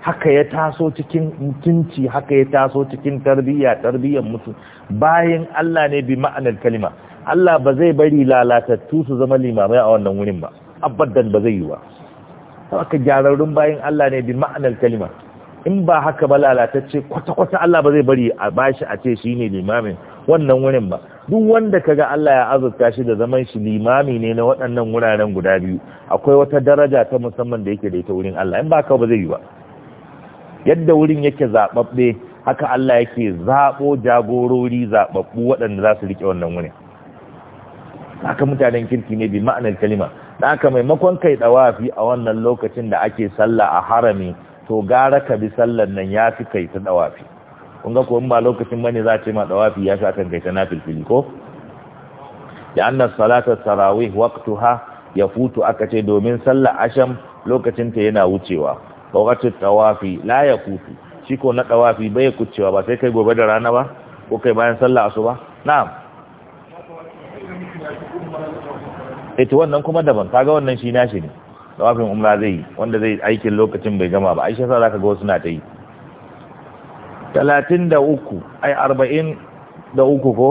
haka ya taso cikin mutunci haka ya taso cikin tarbiyya tarbiyyar mutu bayan Allah ne bi ma'anar kalima Allah ba zai bari lalatattu su zama limamai a wannan wurin ba abadan ba zai yi ba haka gyararrun bayan Allah ne bi ma'anar kalima in ba haka ba lalatacce kwata-kwata Allah ba zai bari a bashi a ce shi ne limamin wannan wurin ba duk wanda kaga Allah ya azurta shi da zaman shi limami ne na waɗannan wuraren guda biyu akwai wata daraja ta musamman da yake da ita wurin Allah in ba haka ba zai yi ba yadda wurin yake zaɓaɓɓe haka Allah yake zaɓo jagorori zaɓaɓɓu waɗanda za su riƙe wannan wurin haka mutanen kirki ne bi ma'anar kalima da haka maimakon kai ɗawafi a wannan lokacin da ake sallah a harami to gara ka bi sallar nan ya fi kai ta ɗawafi kun ga kuwa ba lokacin bane za ce ma ɗawafi ya fi akan kai ta nafilfili ko da annas salatar tarawih Waktuha ya futu aka ce domin sallar asham lokacinta yana wucewa waqatul tawafi la kufi shi ko na tawafi bai kucewa ba sai kai gobe da rana ba ko kai bayan sallah asuba na'am ita eh, wannan kuma daban kaga wannan shi nashi ne tawafin umra zai yi wanda zai aikin lokacin bai gama ba aisha sa zaka ga wasu na ta yi talatin da uku ai arba'in da uku ko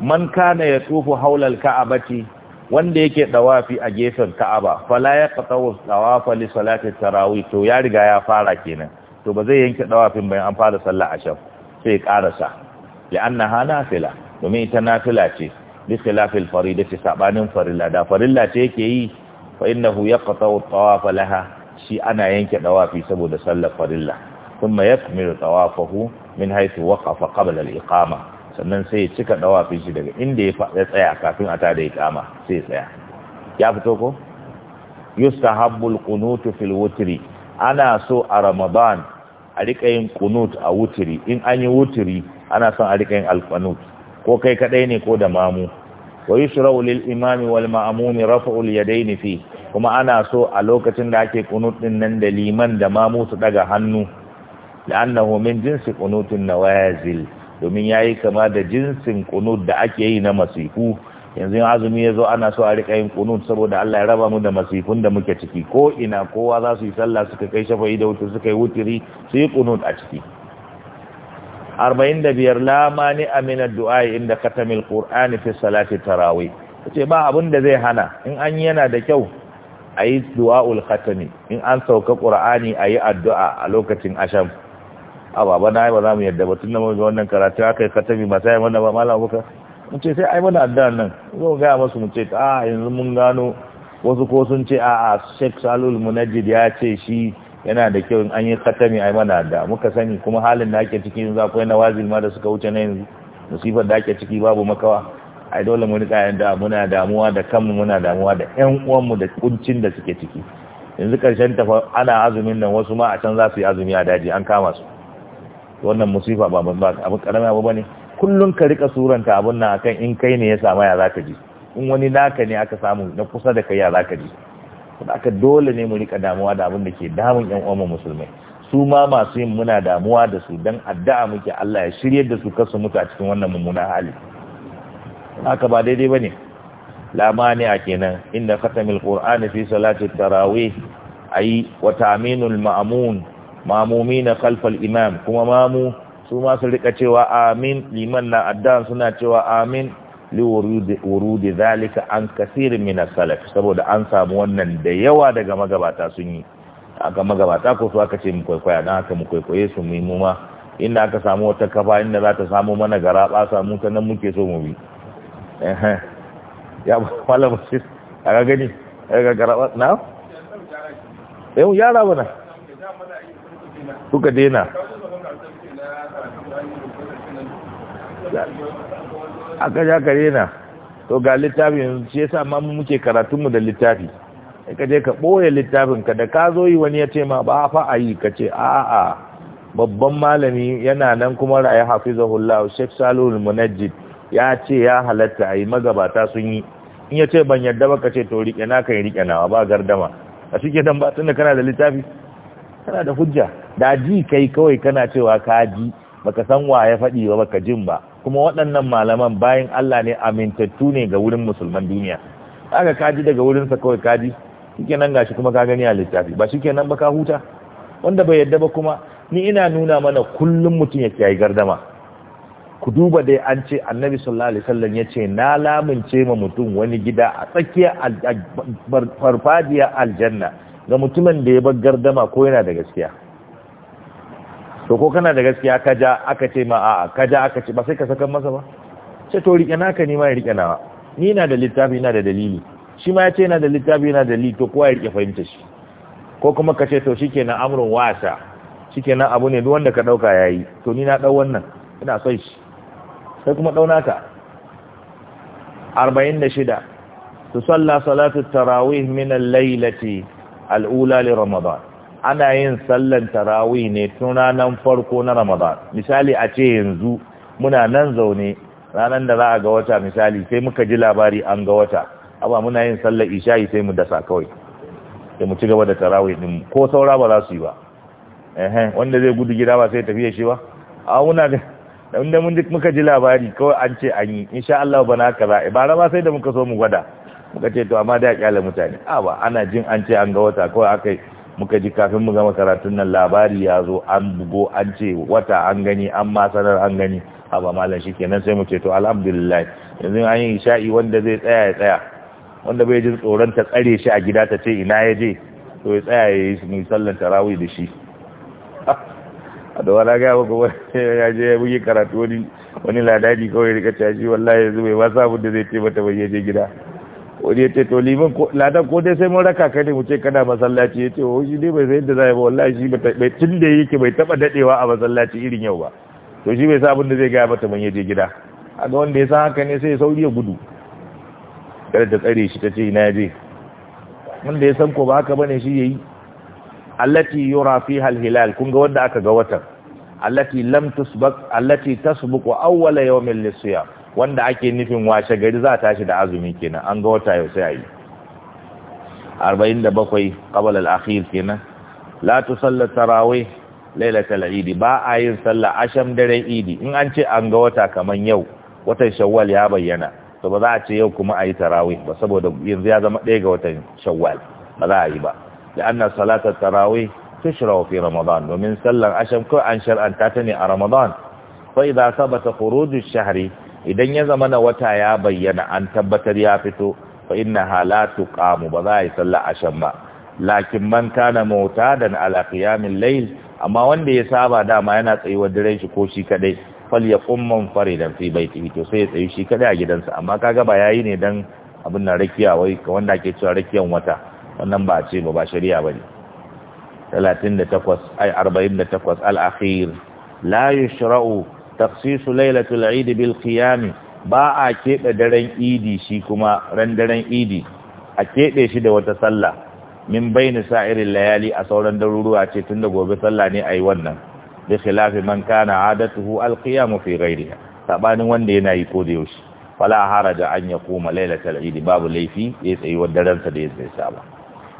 man kana ya tufu haulal ka'abati wanda yake dawafi a gefen Ka'aba fala ya qatawu dawafa li salati tarawih to ya riga ya fara kenan to ba zai yanke dawafin bayan an fara sallar asham sai karasa li'annaha nafila domin ita nafila ce bi khilafil faridati sabanin farilla da farilla ce yake yi fa innahu yaqta'u tawafa laha shi ana yanke dawafi saboda sallar farilla kuma yakmilu tawafahu min haythu waqafa qabla al-iqama sannan sai ya cika dawafin shi daga inda ya tsaya kafin a tada kama sai ya tsaya ya fito ko yustahabbul qunutu fil wutri ana so a ramadan a rika yin qunut a wutri in an yi wutri ana son a rika yin alqunut ko kai kadai ne ko da mamu wa yushra'u lil imami wal ma'mumi raf'ul yadayn fi kuma ana so a lokacin da ake qunut din nan da liman da mamu su daga hannu la'annahu min jinsi qunutun nawazil domin ya yi kama da jinsin kunu da ake yi na masifu yanzu yin azumi ya zo ana so a rika yin kunut saboda Allah ya raba mu da masifun da muke ciki ko ina kowa za su yi sallah suka kai shafa'i da wuce suka yi wuturi su yi kunut a ciki arba'in da biyar lama ni amina du'a inda katamil qur'ani fi salati tarawih ce ba abin da zai hana in an yana da kyau ayi yi du'a'ul khatami in an sauka qur'ani a yi addu'a a lokacin asham a baba na ba za mu yadda ba tun da mun wannan karatu aka yi katabi ba sai mana ba malam buka mun ce sai ai mana addu'a nan zo gaya masu mun ce a yanzu mun gano wasu ko sun ce a'a Sheikh Salul Munajjid ya ce shi yana da kyau in an yi khatami ai mana addu'a muka sani kuma halin da ake ciki yanzu akwai nawazil ma da suka wuce na yanzu musifar da ake ciki babu makawa ai dole mu rika yanda muna damuwa da kanmu muna damuwa da ƴan uwanmu da kuncin da suke ciki yanzu karshen tafa ana azumin nan wasu ma a can za su yi azumi a daji an kama su wannan musifa ba abin karama abu bane Kullum ka rika suranta abun nan akan in kai ne ya samu ya zaka ji in wani naka ne aka samu na kusa da kai ya zaka ji haka dole ne mu rika damuwa da abin da ke damun yan uwan musulmai su ma masu yin muna damuwa da su dan addu'a muke Allah ya shiryar da su kasu mutu a cikin wannan mummunan hali Aka ba daidai bane lamani a kenan inda khatamil qur'ani fi salati tarawih ayi wa ta'minul ma'mun mamumi na kalfal imam kuma mamu su ma su rika cewa amin liman na addan suna cewa amin li wurudi zalika an kasir min salaf saboda an samu wannan da yawa daga magabata sun yi aka magabata ko su aka ce mu kwaikwaya dan haka mu kwaikwaye su mu mu ma inda aka samu wata kafa inda za ta samu mana gara ba samu ta nan muke so mu bi ya malama shi aka gani aka gara na yau yara bana suka dena aka ja ka dena to ga littafin shi yasa sa mu muke karatunmu da littafi kaje ka je ka ɓoye littafin ka da ka zo yi wani ya ce ma ba fa a yi ka ce a'a babban malami yana nan kuma raye hafizahullah Sheikh Salihul Munajjid ya ce ya halatta a yi magabata sun yi in ya ce ban yadda ba ka ce to riƙe na kan rike nawa ba gardama a shi ke dan ba da kana da littafi kana da hujja da ji kai kawai kana cewa ka ji baka san wa ya faɗi ba baka jin ba kuma waɗannan malaman bayan Allah ne amintattu ne ga wurin musulman duniya aka kaji daga wurin sa kawai ka ji shikenan gashi kuma ka gani a littafi ba shikenan ba ka huta wanda bai yadda ba kuma ni ina nuna mana kullum mutum ya kiyaye gardama ku duba dai an ce annabi sallallahu alaihi wasallam ya ce na lamince ma mutum wani gida a tsakiyar farfajiyar aljanna ga mutumin da ya bar gardama ko yana da gaskiya to ko kana da gaskiya ka ja aka ce ma a'a ka ja aka ce ba sai ka sakan masa ba Sai to rike naka ni ma ya rike nawa ni na da littafi na da dalili shi ma ya ce na da littafi na da dalili to kowa ya rike fahimta shi ko kuma ka ce to shi kenan amrun wasa shi kenan abu ne duk wanda ka dauka yayi to ni na dau wannan ina son shi sai kuma dau naka 46 tusalla salatu tarawih min al-lailati al-ula li ramadan ana yin sallan tarawih ne tun ranar farko na ramadan misali a ce yanzu muna nan zaune ranar da za a ga wata misali sai muka ji labari an ga wata abuwa muna yin sallar isha'i sai mu dasa kawai sai mu ci gaba da tarawih din ko saura ba za su yi ba wanda zai gudu gida ba sai tafiya shi ba a muna da inda mun duk muka ji labari kawai an ce an yi insha Allah bana kaza ibara ba sai da muka so mu gwada muka ce to amma da ya kyale mutane a ba ana jin an ce an ga wata kawai akai muka ji kafin mu gama karatun nan labari ya zo an bugo an ce wata an gani an ma sanar an gani haba malam shi kenan sai mu ce to alhamdulillah yanzu an yi isha'i wanda zai tsaya ya tsaya wanda bai jin tsoron ta tsare shi a gida ta ce ina ya je to ya tsaya ya yi mu sallan tarawih da shi a da wala ga ba kuma ya je ya buge karatu wani wani ladaji kawai rika shi wallahi yanzu bai ba sabu da zai ce mata bai je gida wani ya ce to liman ladan ko dai sai mun raka ka ne mu ce kana masallaci ya ce shi ne bai sayar da zai ba wallahi shi bai tun da yake bai taba dadewa a masallaci irin yau ba to shi bai sa abin da zai gaya mata man je gida a ga wanda ya san haka ne sai ya sauri ya gudu kada ta tsare shi ta ce ina je wanda ya san ko ba haka bane shi yayi allati yura fiha al-hilal kun ga wanda aka ga watan allati lam tusbaq allati tasbuqu awwala yawmin lisiyam wanda ake nufin washe gari za tashi da azumi kenan an ga wata yau sai ayi 47 qabla al-akhir kenan la tusalla tarawih lailatul eid ba a yin sallah asham daren idi in an ce an ga wata kaman yau watan shawwal ya bayyana to ba za a ce yau kuma ayi tarawih ba saboda yanzu ya zama ɗaya ga watan shawwal ba za a yi ba da anna salatat tarawih tushra'u fi ramadan domin sallar asham ko an shar'anta ta ne a ramadan fa idza sabata khurujush shahri idan ya zama na wata ya bayyana an tabbatar ya fito fa inna halatu qamu ba za a yi sallah ashan ba lakin man kana mutadan ala qiyamil layl amma wanda ya saba dama yana tsayuwa diren shi ko shi kadai fal yaqum munfaridan fi baitihi to sai ya tsayu shi kadai a gidansa amma kaga ba yayi ne dan abin na rakiya wai wanda ake cewa rakiyan wata wannan ba a ce ba ba shari'a ba ne 38 ay 48 al-akhir la yushra'u taksisu lailatul eid bil qiyam ba a keɓe daren idi shi kuma ran daren idi a keɓe shi da wata sallah min baini irin layali a sauran daruruwa ce tunda gobe sallah ne a yi wannan bi khilafi man kana adatuhu al qiyam fi ghayriha sabanin wanda yana yi ko da yaushe fala haraja an yaquma lailatul eid babu laifi ya tsayi wa daren sa da ya tsayi saba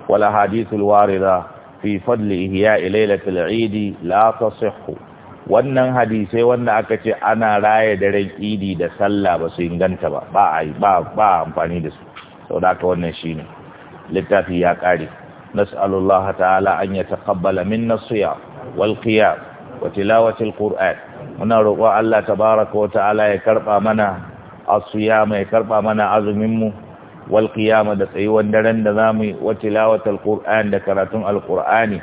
wala hadithul warida fi fadli ihya'i lailatul eid la tasihhu wannan hadisai wanda aka ce ana raya daren idi da sallah ba su inganta ba ba ba ba amfani da su sau da aka wannan shi ne littafi ya ƙare nas'alullah ta'ala an ya taqabbala min nasiya wal qiyam wa tilawatil muna roƙon Allah baraka wa ta'ala ya karɓa mana asiyam ya karba mana azumin mu wal qiyam da tsayuwan daren da mu yi wa tilawatil qur'an da karatun alqur'ani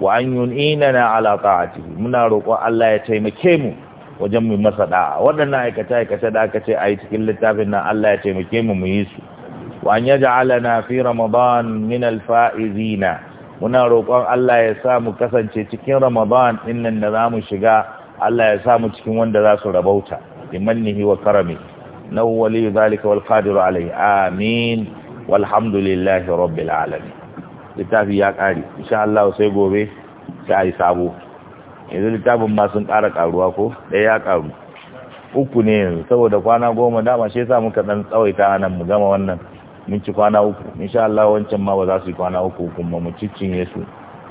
wa an yun'inana ala ta'atihi muna roƙon Allah ya taimake mu wajen mu masa da'a waɗannan aikata aikata da aka ce ayi cikin littafin nan Allah ya taimake mu mu yi su wa an yaj'alana fi ramadan min al-faizina muna roƙon Allah ya sa mu kasance cikin ramadan din nan da zamu shiga Allah ya sa mu cikin wanda za su rabauta bimannihi wa karami na waliyu zalika wal qadiru alayhi amin walhamdulillahi rabbil alamin littafi ya ƙare insha Allah sai gobe sai a yi sabo yanzu littafin ma sun ƙara ƙaruwa ko ɗaya ya ƙaru uku ne yanzu saboda kwana goma dama shi yasa muka dan tsawaita nan mu gama wannan mun ci kwana uku insha Allah wancan ma ba za su yi kwana uku kuma mu ciccinye su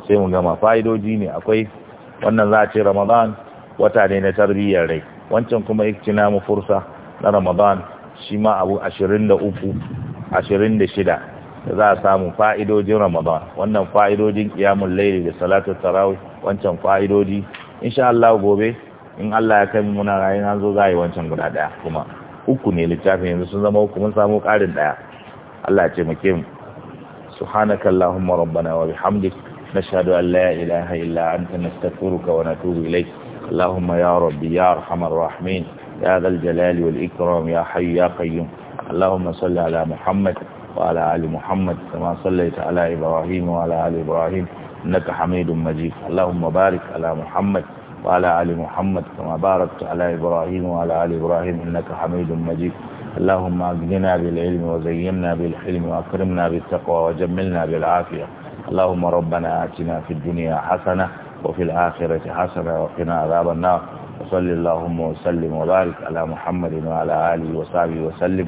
sai mu gama fa'idoji ne akwai wannan za a ce Ramadan wata ne na tarbiyyar rai wancan kuma iktina mu fursa na Ramadan shi ma abu 23 shida. da za a samu fa'idojin ramadan wannan fa'idojin kiyamun laili da salatu tarawih wancan fa'idoji insha Allah gobe in Allah ya kai muna rayu na zo za a yi wancan guda daya kuma uku ne littafin yanzu sun zama uku mun samu karin daya Allah ya taimake mu subhanaka allahumma rabbana wa bihamdik nashhadu an la ilaha illa anta nastaghfiruka wa natubu ilayk ya rabbi ya يا ارحم Ya يا jalali الجلال والاكرام يا حي يا قيوم اللهم صل على محمد وعلى آل محمد كما صليت على إبراهيم وعلى آل إبراهيم إنك حميد مجيد اللهم بارك على محمد وعلى آل محمد كما باركت على إبراهيم وعلى آل إبراهيم إنك حميد مجيد اللهم أجدنا بالعلم وزينا بالحلم وأكرمنا بالتقوى وجملنا بالعافية اللهم ربنا آتنا في الدنيا حسنة وفي الآخرة حسنة وقنا عذاب النار وصل اللهم وسلم وبارك على محمد وعلى آله وصحبه وسلم